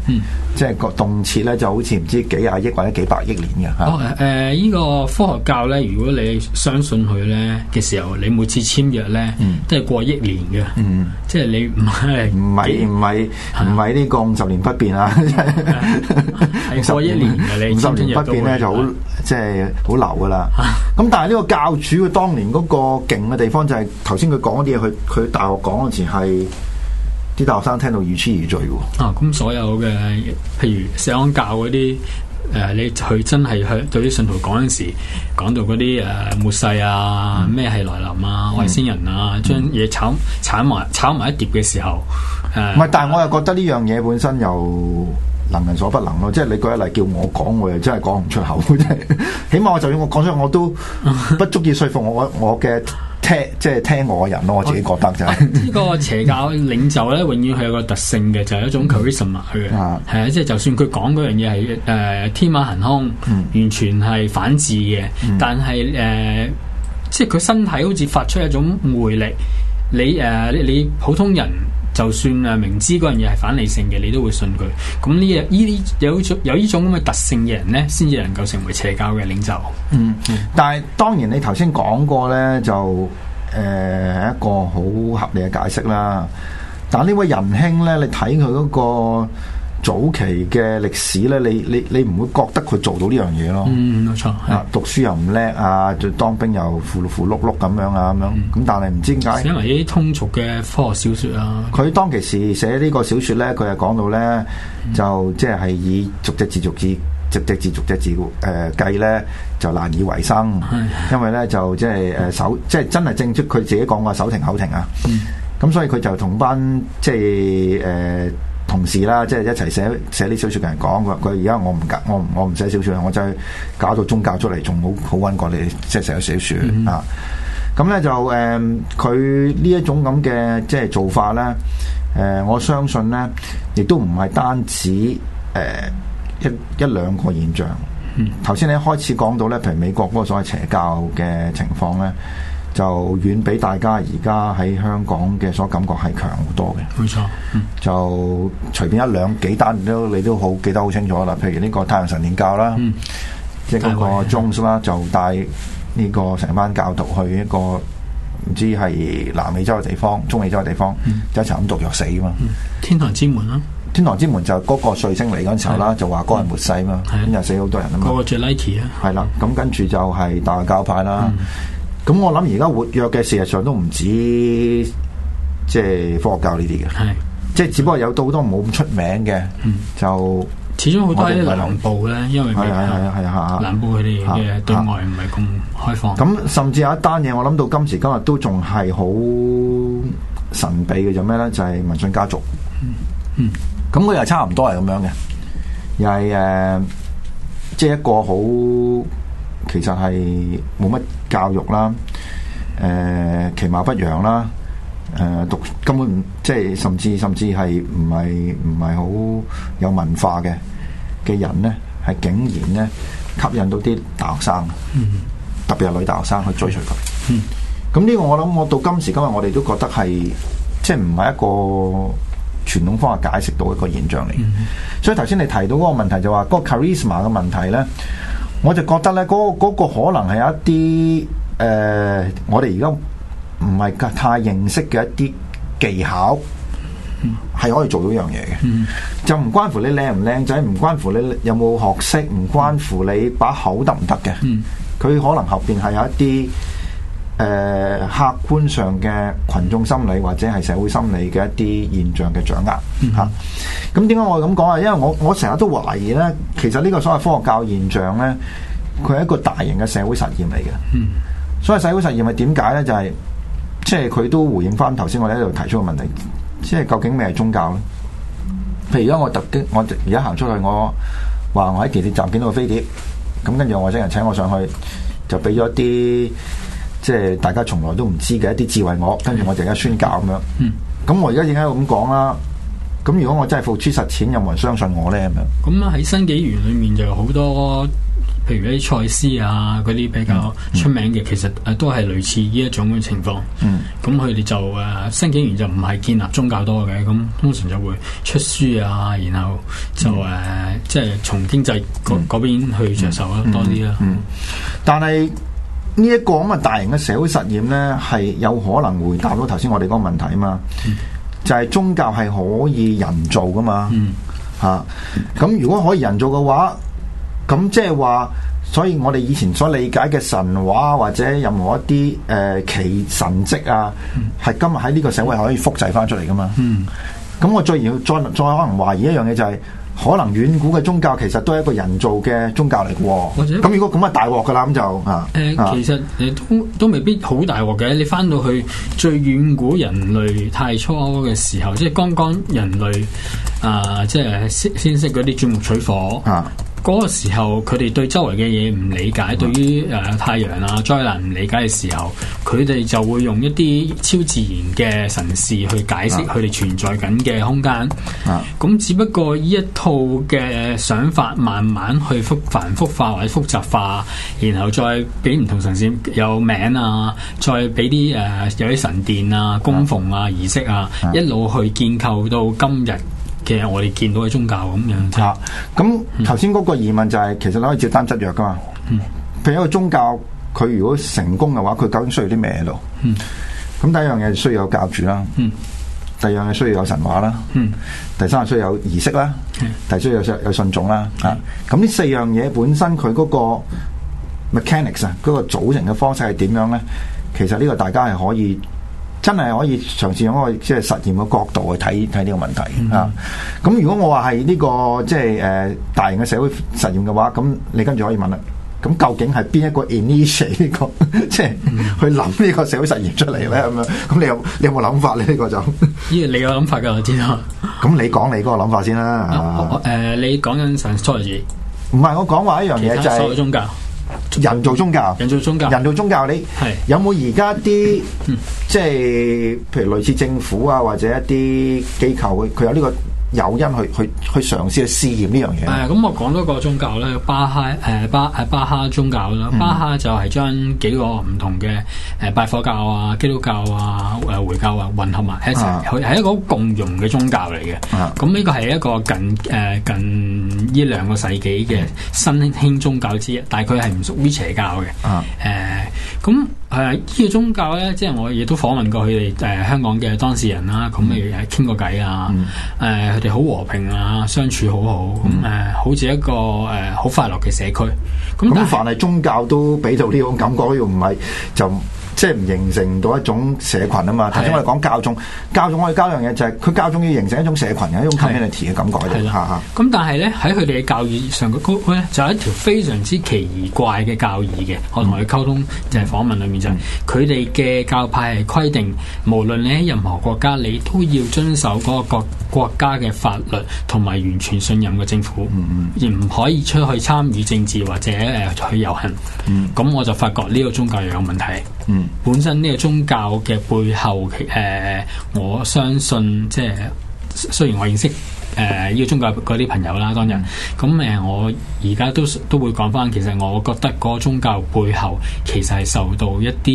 S4: 即係個動設咧就好似唔知幾廿億或者幾百億年嘅
S1: 嚇。誒、哦、呢、呃這個科學教咧，如果你相信佢咧嘅時候，你每次簽約咧、嗯、都係過億年嘅，嗯，即係你唔係唔係唔係唔係呢個五十年不變啊，係
S4: 過億年，你五十年不變咧就好。 即係好流噶啦，咁、嗯、但係呢個教主佢當年嗰個勁嘅地方就係頭先佢講啲嘢，佢佢大學講嗰陣時係
S1: 啲大學生聽到如痴如、啊、如痴如醉喎。啊，咁所有嘅譬如想教嗰啲誒，你佢真係去對啲信徒講嗰時，講到嗰啲誒末世啊，咩係來臨啊，嗯、外星人啊，將嘢、嗯、炒炒埋炒埋一碟嘅時候，
S2: 誒、啊，唔
S4: 係，但係我又覺得呢樣嘢本身又。能人所不能咯，即係你舉一例叫我講，我又真係講唔出口，即係起碼我就算我講出，我都不足以說服我我嘅聽即係聽我嘅人咯，我自己覺得、啊、就係、是、呢
S1: 個邪教領袖咧， 永遠係有個特性嘅，就係、是、一種 charisma 去係啊，即係就算佢講嗰樣嘢係誒天馬行空，嗯、完全係反智嘅，嗯、但係誒、呃，即係佢身體好似發出一種魅力，你誒你，你，你普通人，人。就算啊明知嗰樣嘢係反理性嘅，你都會信佢。咁呢？呢啲有種有呢種咁嘅特性嘅人呢，先至能夠成為邪教嘅領袖。嗯，
S4: 嗯，
S1: 但係當然你頭先講
S4: 過呢，就誒、呃、一個好合理嘅解釋啦。但呢位仁兄呢，你睇佢嗰個。早期嘅歷史咧，你你你唔會覺得佢做到呢樣嘢咯？嗯，
S1: 冇錯。
S4: 啊，讀書又唔叻啊，就當兵又糊糊碌碌咁樣啊，咁樣咁，但係唔知點解，因
S1: 為啲通俗嘅科學小説啊。佢
S4: 當其時寫呢個小説咧，佢係講到咧，就即係係以逐隻字逐字逐隻字逐隻字誒計咧，就難以為生。因為咧就即係誒手，即係真係正式，佢自己講話手停口停啊。嗯。咁所以佢就同班即係誒。呃同事啦，即係一齊寫寫啲小説嘅人講，佢佢而家我唔搞我我唔寫小説啦，我就係搞到宗教出嚟，仲好好揾過你即係寫小説、嗯、哼啊。咁咧就誒佢呢一種咁嘅即係做法咧，誒、呃、我相信咧亦都唔係單止誒、呃、一一兩個現象。頭先、嗯、你一開始講到咧，譬如美國嗰個所謂邪教嘅情況咧。就遠比大家而家喺香港嘅所感覺係強好多嘅，冇錯。就隨便一兩幾單都你都好記得好清楚啦。譬如呢個太陽神殿教啦，即係嗰個 Jones 啦，就帶呢個成班教徒去一個唔知係南美洲嘅地方、中美洲嘅地方，就一齊咁毒藥死啊嘛、嗯。天堂之門啦、啊，天堂之門、啊、就嗰個彗星嚟嗰陣時候啦，就話嗰日末世啊嘛，咁就、嗯、死好多人啊嘛。嗰、嗯那個最 e n i k e 啊，係、啊、啦，咁跟住就係大教派啦。咁我諗而家活躍嘅事實上都唔止，即係科學教呢啲嘅，係即係只不過有到好多冇咁出名嘅，嗯、就始終好多啲藍報
S1: 咧，因為係啊係啊係啊，藍報佢
S4: 哋嘅對外唔
S1: 係咁開放。咁
S4: 甚至有一單嘢，我諗到今時今日都仲係好神秘嘅，就咩咧？就係文信家族，嗯咁佢、嗯、又差唔多係咁樣嘅，又係誒、呃，即係一個好，其實係冇乜。教育啦，誒、呃，其貌不揚啦，誒、呃，讀根本唔即係，甚至甚至係唔係唔係好有文化嘅嘅人咧，係竟然咧吸引到啲大學生，mm hmm. 特別係女大學生去追隨佢。咁呢、mm hmm. 個我諗，我到今時今日，我哋都覺得係即係唔係一個傳統方法解釋到一個現象嚟。Mm hmm. 所以頭先你提到嗰個問題就話、嗰個 charisma 嘅問題咧。我就覺得呢嗰嗰、嗰個嗰個可能係一啲誒、呃，我哋而家唔係太認識嘅一啲技巧，係、嗯、可以做到樣嘢嘅。嗯、就唔關乎你靚唔靚仔，唔關乎你有冇學識，唔關乎你把口得唔得嘅。佢、嗯、可能後邊係有一啲。誒、呃，客觀上嘅群眾心理或者係社會心理嘅一啲現象嘅掌握嚇。咁點解我咁講啊？因為我我成日都懷疑咧，其實呢個所謂科學教現象咧，佢係一個大型嘅社會實驗嚟嘅。Mm hmm. 所謂社會實驗係點解咧？就係、係、即係佢都回應翻頭先，我哋喺度提出嘅問題，即係究竟咩係宗教咧？譬如而家我突擊，我而家行出去，我話我喺地鐵，鐵站見到個飛碟，咁跟住外星人請我上去，就俾咗啲。即係大家從來都唔知嘅一啲智慧果，跟住我哋而家宣教咁樣。咁 我而家點解要咁講啦？咁如果我真係付出實踐，又有冇人相信我咧？咁樣。
S1: 咁喺新紀元裏面就有好多，譬如啲賽斯啊，嗰啲比較出名嘅，其實誒都係類似呢一種嘅情況。咁佢哋就誒新紀元就唔係建立宗教多嘅，咁通常就會出書啊，然後就誒即係從經濟嗰嗰邊去着
S2: 手啦，多啲啦。
S1: 但係。呢一個咁嘅大型
S4: 嘅社會實驗呢，係有可能回答到頭先我哋嗰個問題啊嘛，嗯、就係宗教係可以人造噶嘛嚇，咁、嗯啊、如果可以人造嘅話，咁即係話，所以我哋以前所理解嘅神話或者任何一啲誒、呃、奇神蹟啊，係、嗯、今日喺呢個社會可以複製翻出嚟噶嘛？咁、嗯、我最要再再可能懷疑一樣嘢就係、是。可能遠古嘅宗教其實都係一個人造嘅宗教嚟嘅，或者如果咁啊大鑊嘅啦，咁就、
S1: 呃、啊，誒其實誒、呃、都都未必好大鑊嘅，你翻到去最遠古人類太初嘅時候，即係剛剛人類啊，即係先先識嗰啲鑽木取火啊。嗰個時候，佢哋對周圍嘅嘢唔理解，嗯、對於誒、呃、太陽啊災難唔理解嘅時候，佢哋就會用一啲超自然嘅神事去解釋佢哋存在緊嘅空間。咁、嗯、只不過呢一套嘅想法慢慢去複繁、複化或者複雜化，然後再俾唔同神仙有名啊，再俾啲誒有啲神殿啊、供奉啊、儀式啊，嗯、一路去建構到今日。其實我哋見到嘅宗教咁樣，吓咁頭先嗰個疑
S4: 問就係、是，其實你可以接單執藥噶嘛。嗯，譬如一個宗教，佢如果成功嘅話，佢究竟需要啲咩嘢度？嗯，咁第一樣嘢需要有教主啦。嗯，第二樣嘢需要有神話啦。嗯，第三係需要有儀式啦。嗯、第四需要有有信眾啦。吓、嗯，咁呢、啊、四樣嘢本身佢嗰個 mechanics 啊，嗰個組成嘅方式係點樣咧？其實呢個大家係可以。真係可以嘗試用個即係實驗嘅角度去睇睇呢個問題，mm hmm. 啊！咁如果我話係呢個即係誒、呃、大型嘅社會實驗嘅話，咁你跟住可以問啦。咁究竟係邊一個 initiate 呢，這個 即係是、mm hmm. 去諗呢個社會實驗出嚟咧？咁樣咁你有，有你有冇諗法咧？呢個就
S1: 依個你有諗法噶，我知道。咁、嗯、你講你嗰個諗法先啦。誒、 啊呃，你講緊 Scientology
S4: 唔係，我講話一樣嘢就係宗教，就是。人造宗教，人造宗教，人造宗教， 你有冇而家啲即係，譬如類似政府啊，或者一啲機構嘅，佢有呢個？有因去去去嘗試去試驗呢樣嘢。誒、嗯，
S1: 咁我講多個宗教咧，巴哈誒巴誒巴哈宗教啦。巴哈就係將幾個唔同嘅誒拜火教啊、基督教啊、誒回教啊混合埋一齊，佢係、啊、一個共融嘅宗教嚟嘅。咁呢、啊、個係一個近誒、呃、近呢兩個世紀嘅新興宗教之一，但係佢係唔屬於邪教嘅。誒、啊，咁、呃。誒，呢、呃這個宗教咧，即係我亦都訪問過佢哋誒，香港嘅當事人啦，咁你係傾過偈啊，誒、嗯，佢哋好和平啊，相處好好，咁、呃、誒、嗯呃，好似一個誒好、呃、快樂嘅社區。
S4: 咁、嗯、是凡係宗教都俾到呢種感覺，又唔係就。即係唔形成到一種社群啊嘛，頭先的我哋講教宗，教宗我哋教一樣嘢就係，佢教宗要形成一種社群有的一種 community 嘅感覺。係啊的，
S1: 咁、嗯、但係呢，喺佢哋嘅教義上嘅咧，就係、是、一條非常之奇，奇怪嘅教義嘅。我同佢溝通就係、是、訪問裡面就係，佢哋嘅教派係規定，無論你喺任何國家，你都要遵守嗰個國國家嘅法律，同埋完全信任個政府，嗯嗯、而唔可以出去參與政治或者去遊行。嗯。咁、嗯、我就發覺呢個宗教又有個問題。嗯，本身呢個宗教嘅背後，誒、呃，我相信即係雖然我認識誒呢、呃這個宗教嗰啲朋友啦，當然，咁誒我而家都都會講翻，其實我覺得嗰個宗教背後其實係受到一啲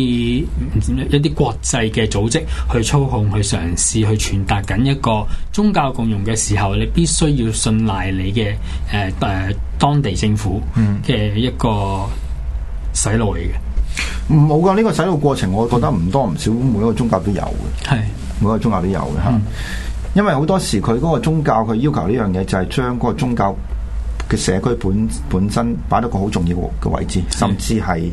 S1: 一啲國際嘅組織去操控，去嘗試去傳達緊一個宗教共融嘅時候，你必須要信賴你嘅誒誒當地政府嘅一個洗腦嚟嘅。
S4: 唔冇噶，呢、這個洗腦過程，我覺得唔多唔少，每一個宗教都有嘅。係是，每一個宗教都有嘅吓。嗯、因為好多時佢嗰個宗教，佢要求呢樣嘢就係、是、將嗰個宗教嘅社區本本身擺到個好重要嘅位置，甚至係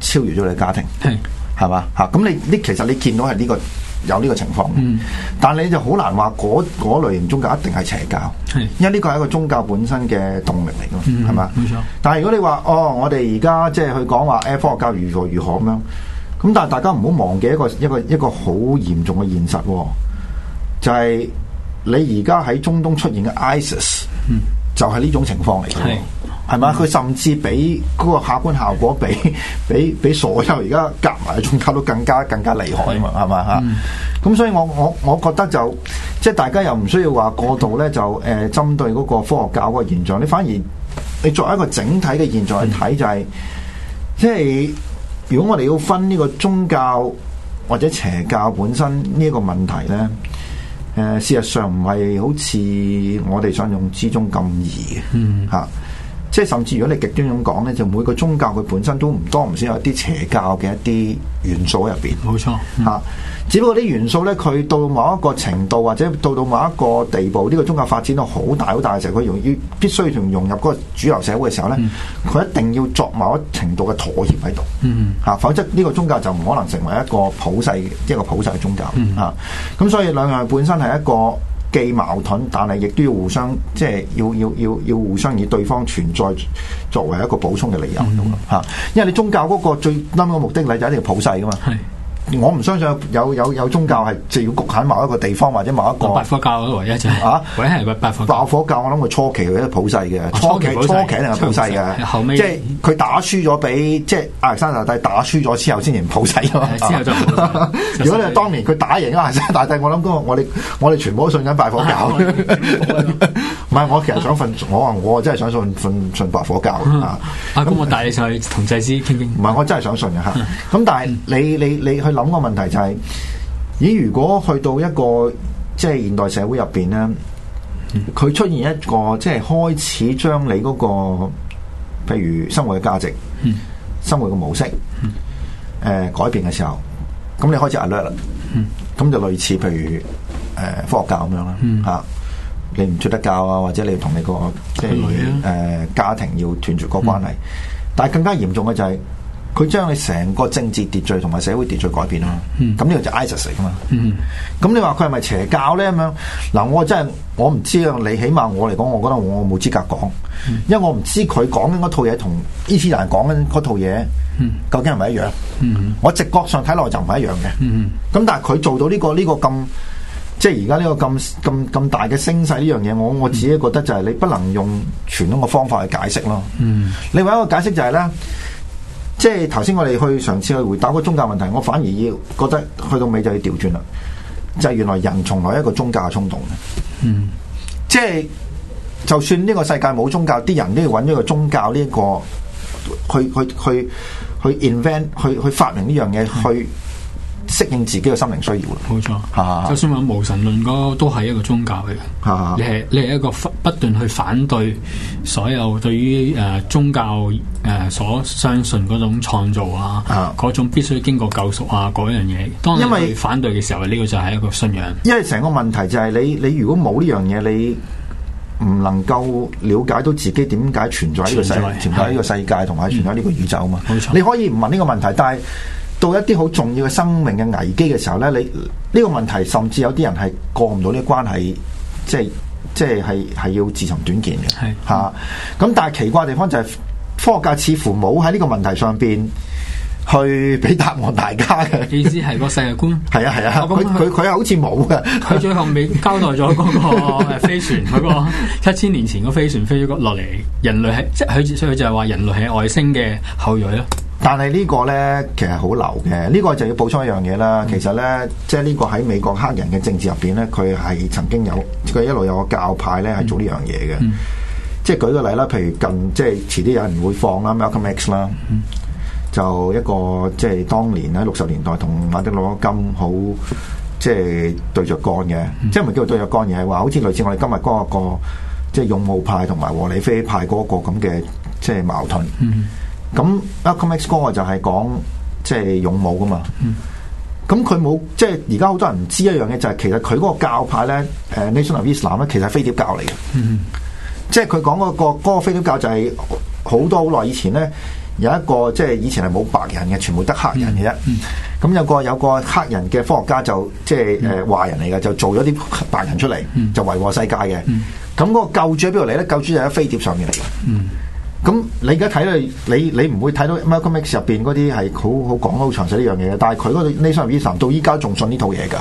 S4: 超越咗你嘅家庭。係是，係嘛吓？咁你呢？其實你見到係呢、這個。有呢個情況嘅，但你就好難話嗰類型宗教一定係邪教，因為呢個係一個宗教本身嘅動力嚟噶嘛，係嘛？冇錯。但係如果你話哦，我哋而家即係去講話誒科學教如何如何咁樣，咁但係大家唔好忘記一個一個一個好嚴重嘅現實喎，就係、是、你而家喺中東出現嘅 ISIS，就係呢種情況嚟嘅。嗯係嘛？佢甚至比嗰個客觀效果比，比比比所有而家夾埋宗教都更加更加厲害啊嘛，係嘛吓？咁 所以我我我覺得就即係大家又唔需要話過度咧，就誒針、呃、對嗰個科學教嗰個現象，你反而你作為一個整體嘅現象去睇， 就係、是、即係如果我哋要分呢個宗教或者邪教本身呢一個問題咧，誒、呃，事實上唔係好似我哋想用之中咁易嘅，吓。 即係甚至如果你極端咁講呢，就每個宗教佢本身都唔多唔少有啲邪教嘅一啲元素喺入邊。冇錯，嚇、嗯！只不過啲元素呢，佢到某一個程度或者到到某一個地步，呢、呢個宗教發展到好大好大嘅時候，佢容易必須同融入嗰個主流社會嘅時候呢，佢、嗯、一定要作某一程度嘅妥協喺度、嗯。嗯，嚇，否則呢個宗教就唔可能成為一個普世，一個普世嘅宗教。嚇、嗯，咁、嗯嗯、所以兩樣本身係一個。既矛盾，但係亦都要互相，即係要要要要互相以對方存在作為一個補充嘅理由吓、嗯嗯嗯， 因為你宗教嗰個最啱嘅目的嚟就係、一定要普世噶嘛。我唔相信有有有宗教，係就要局限某一個地方或者某一個。個拜火教唯一就吓，唯一係個拜火教，我諗佢初期佢都普世嘅，初期初期定係普世嘅，即係佢打輸咗俾即係亞歷山大帝打輸咗之後，先至普世。如果係當年佢打贏亞歷山大帝，我諗我我哋我哋全部都信緊拜火教。唔係，我其實想瞓，我話我真係想信信拜火教。咁我帶你上去同祭司傾傾。唔係，我真係想信嘅吓。咁但係你你你去。諗個問題就係、是，咦？如果去到一個即係現代社會入邊咧，佢出現一個即係開始將你嗰、那個，譬如生活嘅價值、嗯、生活嘅模式，誒、呃、改變嘅時候，咁你開始 alert 啦，咁、嗯、就類似譬如誒、呃、科學教咁樣啦，吓、嗯啊、你唔出得教啊，或者你同你、那個即係誒、呃、家庭要斷絕個關係，嗯嗯、但係更加嚴重嘅就係、是。佢將你成個政治秩序同埋社會秩序改變啊嘛，咁、嗯、呢個就 ISIS 嚟噶嘛？咁、嗯嗯嗯、你話佢係咪邪教咧？咁樣嗱，嗯嗯、我真係我唔知啊！你起碼我嚟講，我覺得我冇資格講，因為我唔知佢講緊嗰套嘢同伊斯蘭講緊嗰套嘢，究竟係咪一樣？嗯嗯、我直覺上睇落就唔係一樣嘅。咁但係佢做到呢、這個呢、這個咁，即係而家呢個咁咁咁大嘅聲勢呢樣嘢，我我，我自己覺得就係你不能用傳統嘅方法去解釋咯。另外一個解釋就係咧。嗯即係頭先我哋去嘗試，去回答嗰個宗教問題，我反而要覺得去到尾就要調轉啦。就係，原來人從來一個宗教嘅衝動嘅，嗯，即係就算呢個世界冇宗教，啲人都要揾一個宗教呢個去去去去 invent 去去發明呢樣嘢去。適應自己嘅心靈需要冇錯。錯啊、
S1: 就算話無神論嗰個都係一個宗教嚟嘅、啊，你係你係一個不不斷去反對所有對於誒、呃、宗教誒所相信嗰種創造啊，嗰、啊、種必須經過救贖啊嗰樣嘢。當你反對嘅時候，呢為個就係一個信仰。
S4: 因為成個問題就係、是、你你如果冇呢樣嘢，你唔能夠了解到自己點解存在呢個世存在呢、嗯、個世界，同埋存在呢個宇宙啊嘛。嗯、沒錯 你可以唔問呢個問題，但係。到一啲好重要嘅生命嘅危機嘅時候咧，你呢個問題甚至有啲人係過唔到呢個關係，即係即係係係要自尋短見嘅。係嚇咁，但係奇怪嘅地方就係科學家似乎冇喺呢個問題上邊去俾答案，大家
S1: 嘅意思係個世界觀。係啊，係啊，佢佢佢又好似冇嘅，佢 最後未交代咗嗰個飛船嗰 個七千年前嘅飛船飛咗落嚟，人類係即係佢，所以就係話人類係外星嘅後裔咯。
S4: 但係呢個咧，其實好流嘅。呢、這個就要補充一樣嘢啦。嗯、其實咧，即係呢個喺美國黑人嘅政治入邊咧，佢係曾經有佢一路有個教派咧，係做呢樣嘢嘅。嗯、即係舉個例啦，譬如近即係遲啲有人會放啦，Malcolm X 啦，嗯、就一個即係當年喺六十年代同馬丁路德金好即係對着幹嘅。即係唔係叫做對着幹，而係話好似類似我哋今日嗰個、那個、即係勇武派同埋和理非派嗰個咁嘅即係矛盾。咁 Malcolm X 就係講即係勇武噶嘛，咁佢冇即係而家好多人唔知一樣嘢就係其實佢嗰個教派咧，誒 Nation of Islam 咧，其實係飛碟教嚟嘅。即係佢講嗰個嗰、嗰個飛碟教就係好多好耐以前咧，有一個即係、就是、以前係冇白人嘅，全部得黑人嘅啫。咁、嗯嗯、有個有個黑人嘅科學家就即係誒華人嚟嘅，就做咗啲白人出嚟，嗯、就圍禍世界嘅，咁嗰、嗯嗯、個教主喺邊度嚟咧？教主就喺飛碟上面嚟嘅。嗯咁你而家睇嚟，你你唔會睇到《Malcolm X 入邊嗰啲係好好講好詳細呢樣嘢，但係佢嗰個 Nation of Islam 到依家仲信呢套嘢噶。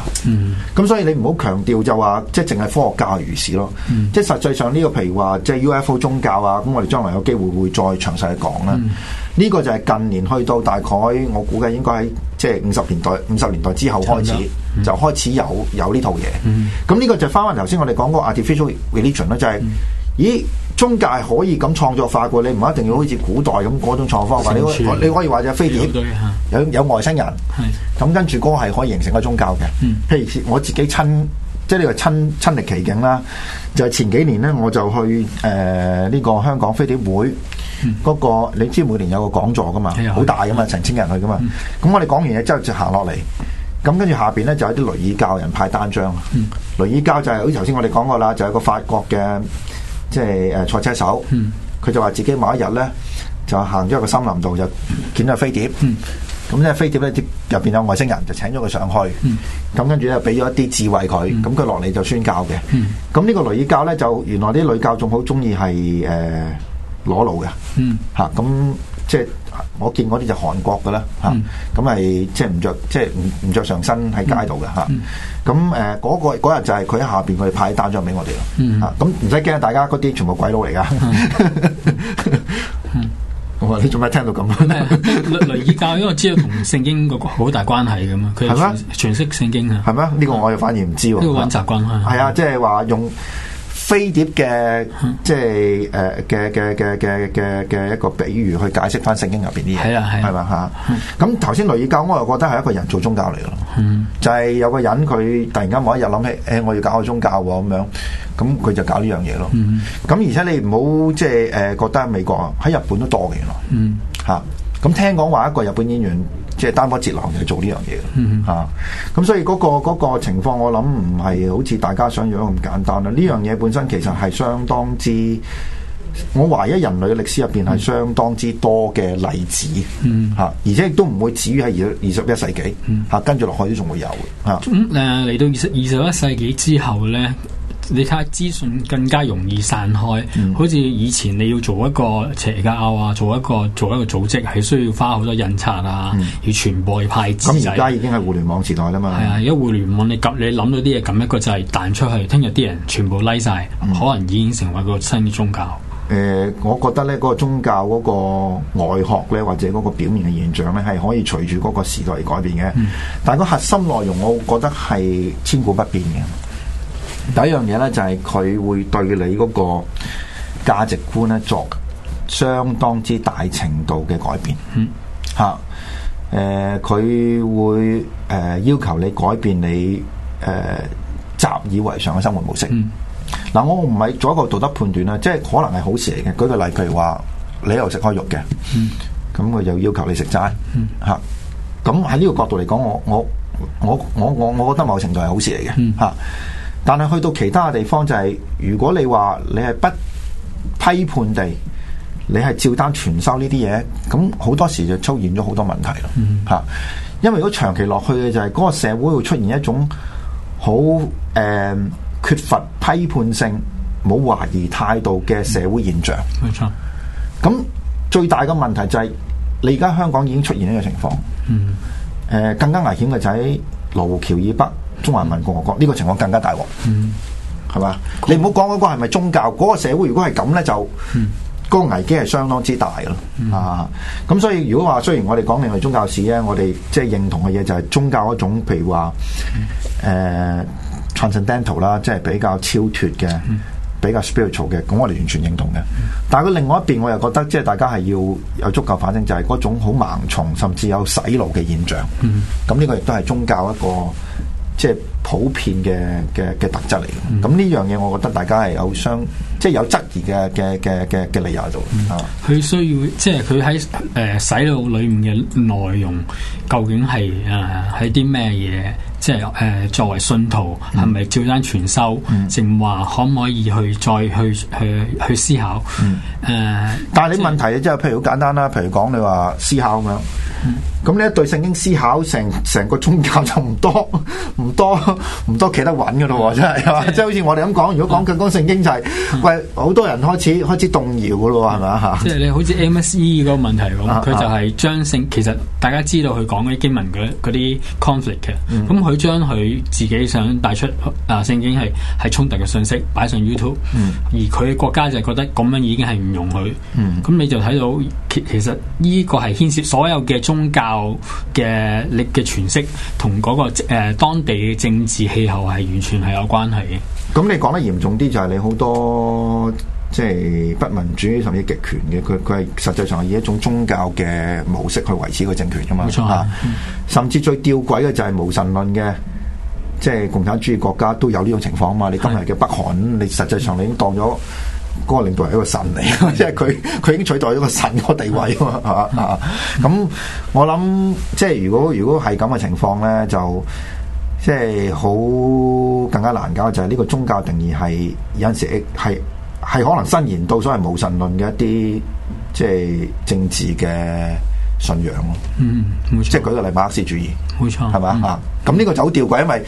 S4: 咁所以你唔好強調就話，即係淨係科學教如是咯。嗯、即係實際上呢、這個，譬如話即係 UFO 宗教啊，咁我哋將來有機會會再詳細去講啦。呢、嗯、個就係近年去到大概，我估計應該喺即係五十年代、五十年代之後開始，嗯嗯、就開始有有呢套嘢。咁呢、嗯嗯、個就翻翻頭先我哋講嗰個 Artificial Religion 啦、就是，就係、嗯、咦？宗教係可以咁創作化嘅，你唔一定要好似古代咁嗰種創作方法。你可你可以話就飛碟
S2: 有
S4: 有，有外星人，咁跟住嗰個係可以形成一個宗教嘅。嗯、譬如我自己親，即係呢個親親歷其境啦。就係、是、前幾年呢，我就去誒呢、呃這個香港飛碟會嗰、那個，嗯、你知每年有個講座嘅嘛，好的大嘅嘛，的成千人去嘅嘛。咁的我哋講完嘢之後就行落嚟，咁跟住下邊呢，就有啲雷爾教人派單張。雷爾、嗯、教就係好似頭先我哋講過啦，就係個法國嘅。即係誒，賽車手，佢、嗯、就話自己某一日咧，就行咗一個森林度，就見到個飛碟。咁呢係飛碟咧，入邊有外星人，就請咗佢上去。咁、嗯、跟住咧，俾咗一啲智慧佢。咁佢落嚟就宣教嘅。咁呢、嗯、個女教咧，就原來啲女教仲好中意係誒裸露嘅。吓、呃，咁即係。嗯啊我見嗰啲就韓國嘅啦，吓咁係即係唔着，即係唔唔着上身喺街度嘅吓。咁、啊、誒，嗰、嗯嗯嗰個日就係佢喺下邊，佢哋派單咗俾我哋啦。吓咁唔使驚，大家嗰啲全部鬼佬嚟噶。
S1: 我話的、 哦、你做咩聽到咁？嚟嚟教，因為我知道同聖經嗰個好大關係噶嘛。佢係咩？詮釋聖經啊？係咩？呢個我哋反而唔知。呢個混雜
S4: 係啊，即係話用。飛碟嘅即係誒嘅嘅嘅嘅嘅嘅一個比喻去解釋翻聖經入邊啲嘢，係啊係，係嘛嚇？咁頭先雷爾教我又覺得係一個人做宗教嚟咯，嗯、就係有個人佢突然間某一日諗起，誒、哎、我要搞個宗教喎、啊、咁樣，咁、嗯、佢、嗯、就搞呢樣嘢咯。咁、嗯、而且你唔好即係誒覺得美國啊喺日本都多嘅原
S2: 來，
S4: 嚇咁、嗯嗯、聽講話一個日本演員。即係擔不折量嚟做呢樣嘢嘅嚇，咁、嗯啊、所以嗰、嗰個嗰個情況，我諗唔係好似大家想像咁簡單啦。呢樣嘢本身其實係相當之，我懷疑人類嘅歷史入邊係相當之多嘅例子嚇、嗯啊，而且亦都唔會止於喺二二十一世紀嚇、啊，跟住落去都仲會有嘅嚇。
S1: 嚟、啊嗯啊、到二十二十一世紀之後咧。你睇下資訊更加容易散開，嗯、好似以前你要做一個邪教啊，做一個做一個組織，係需要花好多印刷啊，嗯、要傳播去派紙。咁而家
S4: 已經係互聯網時代啦嘛。係啊，
S1: 而家互聯網你及你諗到啲嘢，撳一個掣，彈出去，聽日啲人全部拉晒，嗯、可能已經成為個新嘅宗教。
S4: 誒、呃，我覺得咧，嗰、那個宗教嗰個外殼咧，或者嗰個表面嘅現象咧，係可以隨住嗰個時代而改變嘅，嗯、但係個核心內容，我會覺得係千古不變嘅。第一樣嘢咧就係、是、佢會對你嗰個價值觀咧作相當之大程度嘅改變，吓、 呃，誒，佢會誒要求你改變你誒習、呃、以為常嘅生活模式。嗱，我唔係做一個道德判斷啦，即、就、係、是、可能係好事嚟嘅。舉個例，譬如話你喺度又食開肉嘅，咁佢就要求你食齋，吓、啊，咁喺呢個角度嚟講，我我我我我我覺得某程度係好事嚟嘅，吓、啊。但係去到其他嘅地方就係、是，如果你話你係不批判地，你係照單全收呢啲嘢，咁好多時就出現咗好多問題咯。吓、嗯哼，因為如果長期落去嘅就係、是，嗰、那個社會會出現一種好誒、呃、缺乏批判性、冇懷疑態度嘅社會現象。
S2: 冇錯、
S4: 嗯哼。咁最大嘅問題就係、是，你而家香港已經出現呢個情況。嗯、呃。更加危險嘅就喺羅湖橋以北。中華人民共和國呢、這個情況更加大鑊，係嘛？你唔好講嗰個係咪宗教？嗰、那個社會如果係咁呢，就嗰個危機係相當之大嘅啦。咁、嗯啊、所以如果話雖然我哋講明係宗教史咧，我哋即係認同嘅嘢就係宗教一種，譬如話誒 transcendental 啦，呃、Trans ental，即係比較超脫嘅，嗯、比較 spiritual 嘅，咁我哋完全認同嘅。但係佢另外一邊，我又覺得即係大家係要有足夠反省，就係、是、嗰種好盲從，甚至有洗腦嘅現象。咁呢、嗯嗯、個亦都係宗教一個。即係普遍嘅嘅嘅特質嚟嘅，咁呢、嗯、樣嘢我覺得大家係有相，即係有質疑嘅嘅嘅嘅嘅理由喺度啊！
S1: 佢需要即係佢喺誒洗腦裏面嘅內容，究竟係誒係啲咩嘢？呃即係誒作為信徒係咪照單全收？淨話可唔可以去再去去去思考？誒，但係你問題即
S4: 係譬如好簡單啦，譬如講你話思考咁樣，咁你對聖經思考，成成個宗教就唔多唔多唔多企得穩嘅咯，真係，即係好似我哋咁講，如果講更多聖經就係喂，好多人開始開始動搖嘅咯，係咪啊
S1: 吓？即係你好似 MSE 嗰個問題咁，佢就係將聖，其實大家知道佢講啲經文嗰啲 conflict 嘅，咁佢。將佢自己想帶出啊聖經係係衝突嘅信息擺上
S2: YouTube、
S1: 嗯、而佢國家就係覺得咁樣已經係唔容許。咁、嗯、你就睇到其其實呢個係牽涉所有嘅宗教嘅力嘅詮釋，同嗰、那個誒、呃、當地嘅政治氣候係完全係有關係嘅。咁你講得
S4: 嚴重啲就係你好多。即係不民主，甚至極權嘅，佢佢係實際上係以一種宗教嘅模式去維持個政權噶嘛，冇錯，吓、 啊，甚至最吊詭嘅就係無神論嘅，即係共產主義國家都有呢種情況啊嘛。你今日嘅北韓，你實際上你已經當咗嗰個領導係一個神嚟， 即係佢佢已經取代咗個神個地位啊嘛，吓、啊。咁我諗，即係如果如果係咁嘅情況咧，就即係好更加難搞，就係呢個宗教定義係有陣時係。係可能伸延到所謂無神論嘅一啲即係政治嘅信仰
S2: 咯，
S4: 嗯，即係舉個例馬克思主義，冇錯錯，係嘛啊？咁呢，嗯嗯、個走吊詭，因為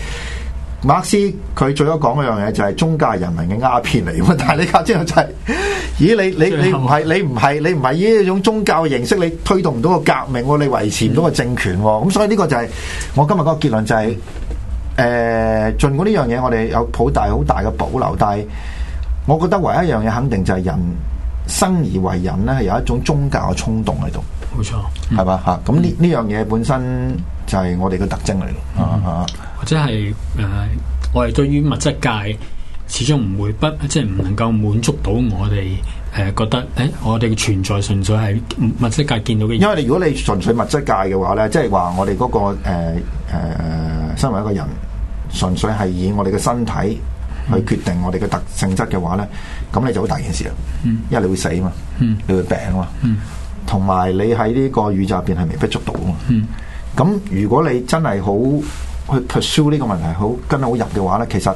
S4: 馬克思佢最多講一樣嘢就係宗教人民嘅鴉片嚟。 但係你搞之後就係，是。咦？你你後你唔係你唔係你唔係以呢一種宗教形式，你推動唔到個革命，你維持唔到個政權，咁，嗯嗯、所以呢個就係我今日嗰，就是呃，個結論就係，誒，儘管呢樣嘢我哋有好大好大嘅保留，但係。我覺得唯一一樣嘢肯定就係人生而為人咧，係有一種宗教嘅衝動喺度。冇錯，係嘛吓？咁呢呢樣嘢本身就係我哋嘅特徵嚟咯。嗯、
S1: 啊或者係誒、呃，我哋對於物質界始終唔會不，即係唔能夠滿足到我哋誒、呃、覺得誒，我哋嘅存在純粹係物質界見到嘅。因為
S4: 如果你純粹物質界嘅話咧，即係話我哋嗰、嗰個誒誒、呃呃，身為一個人，純粹係以我哋嘅身體去決定我哋嘅特性質嘅話呢，咁你就好大件事啦。嗯、因為你會死啊嘛，嗯、你會病啊嘛，同埋、嗯、你喺呢個宇宙入邊係微不足道啊嘛。咁、嗯、如果你真係好去 pursue 呢個問題，好跟得好入嘅話呢，其實，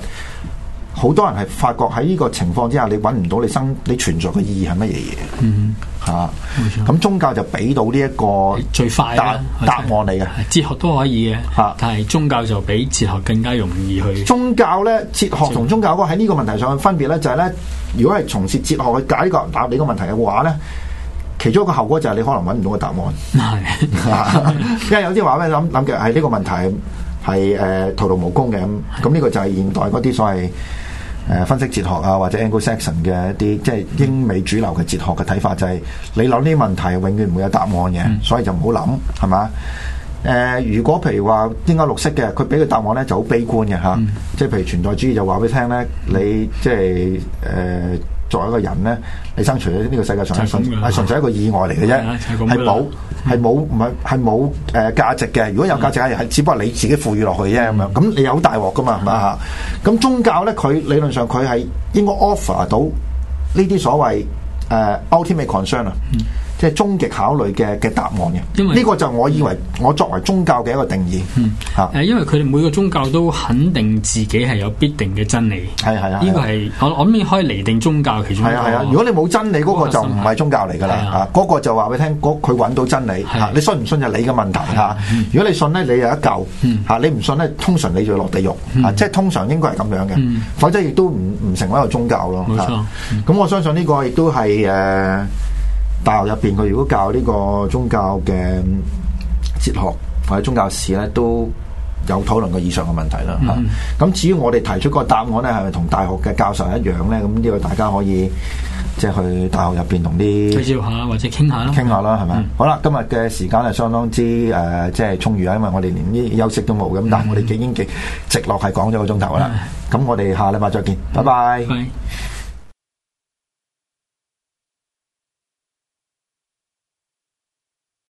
S4: 好多人係發覺喺呢個情況之下，你搵唔到你生你存在嘅意義係乜嘢嘢？嗯，吓，冇錯。咁宗教就俾到呢一個最快答答案嚟
S1: 嘅，哲學都可以嘅，吓、啊，但係宗教就比哲學更加容易去。宗教咧，哲學同宗教喺呢個問題
S4: 上嘅分別咧，就係咧，如果係從事哲學去解決答你個問題嘅話咧，其中一個後果就係你可能搵唔到個答案。係、嗯嗯，因為有啲話咧諗諗嘅，係呢個問題。係誒徒勞無功嘅，咁，呢個就係現代嗰啲所謂誒分析哲學啊，或者 Anglo-Saxon 嘅一啲，即係英美主流嘅哲學嘅睇法，就係你諗呢啲問題，永遠唔會有答案嘅，所以就唔好諗，係嘛？誒、嗯，嗯、如果譬如話應該綠色嘅，佢俾嘅答案咧就好悲觀嘅吓，即、嗯、係譬如存在主義就話俾你聽咧，你即係誒。呃嗯作為一個人咧，你生存喺呢個世界上係純粹一個意外嚟嘅啫，係冇係冇唔係係冇誒價值嘅。如果有價值，係係、嗯、只不過你自己賦予落去啫咁樣。咁你有好大鑊噶嘛？嚇、嗯！咁宗教咧，佢理論上佢係應該 offer 到呢啲所謂誒 ultimate concern 啊。呃即係終極考慮嘅嘅答案嘅，呢個就我以為我作為宗教嘅一個定義。嗯，
S1: 嚇，誒，因為佢哋每個宗教都肯定自己係有必定嘅真理。係係啊，呢個係我我諗可以厘定宗教其中。係啊係啊，如果
S4: 你冇真理嗰個就唔係宗教嚟㗎啦，嗰個就話俾你聽，嗰佢揾到真理嚇，你信唔信就你嘅問題嚇。如果你信咧，你有一嚿嚇，你唔信咧，通常你就落地獄。即係通常應該係咁樣嘅，否則亦都唔唔成為一個宗教咯。冇錯，咁我相信呢個亦都係誒。大學入邊佢如果教呢個宗教嘅哲學或者宗教史咧，都有討論過以上嘅問題啦。吓咁、嗯啊、至於我哋提出個答案咧，係咪同大學嘅教授一樣咧？咁呢個大家可以即係去大學入邊同啲介
S1: 紹下或者傾下咯，傾下啦，係咪？嗯、
S4: 好啦，今日嘅時間係相當之誒、呃，即係充裕啊，因為我哋連啲休息都冇咁，嗯、但係我哋幾經幾直落係講咗個鐘頭啦。咁、嗯、我哋下禮拜再見，拜拜。嗯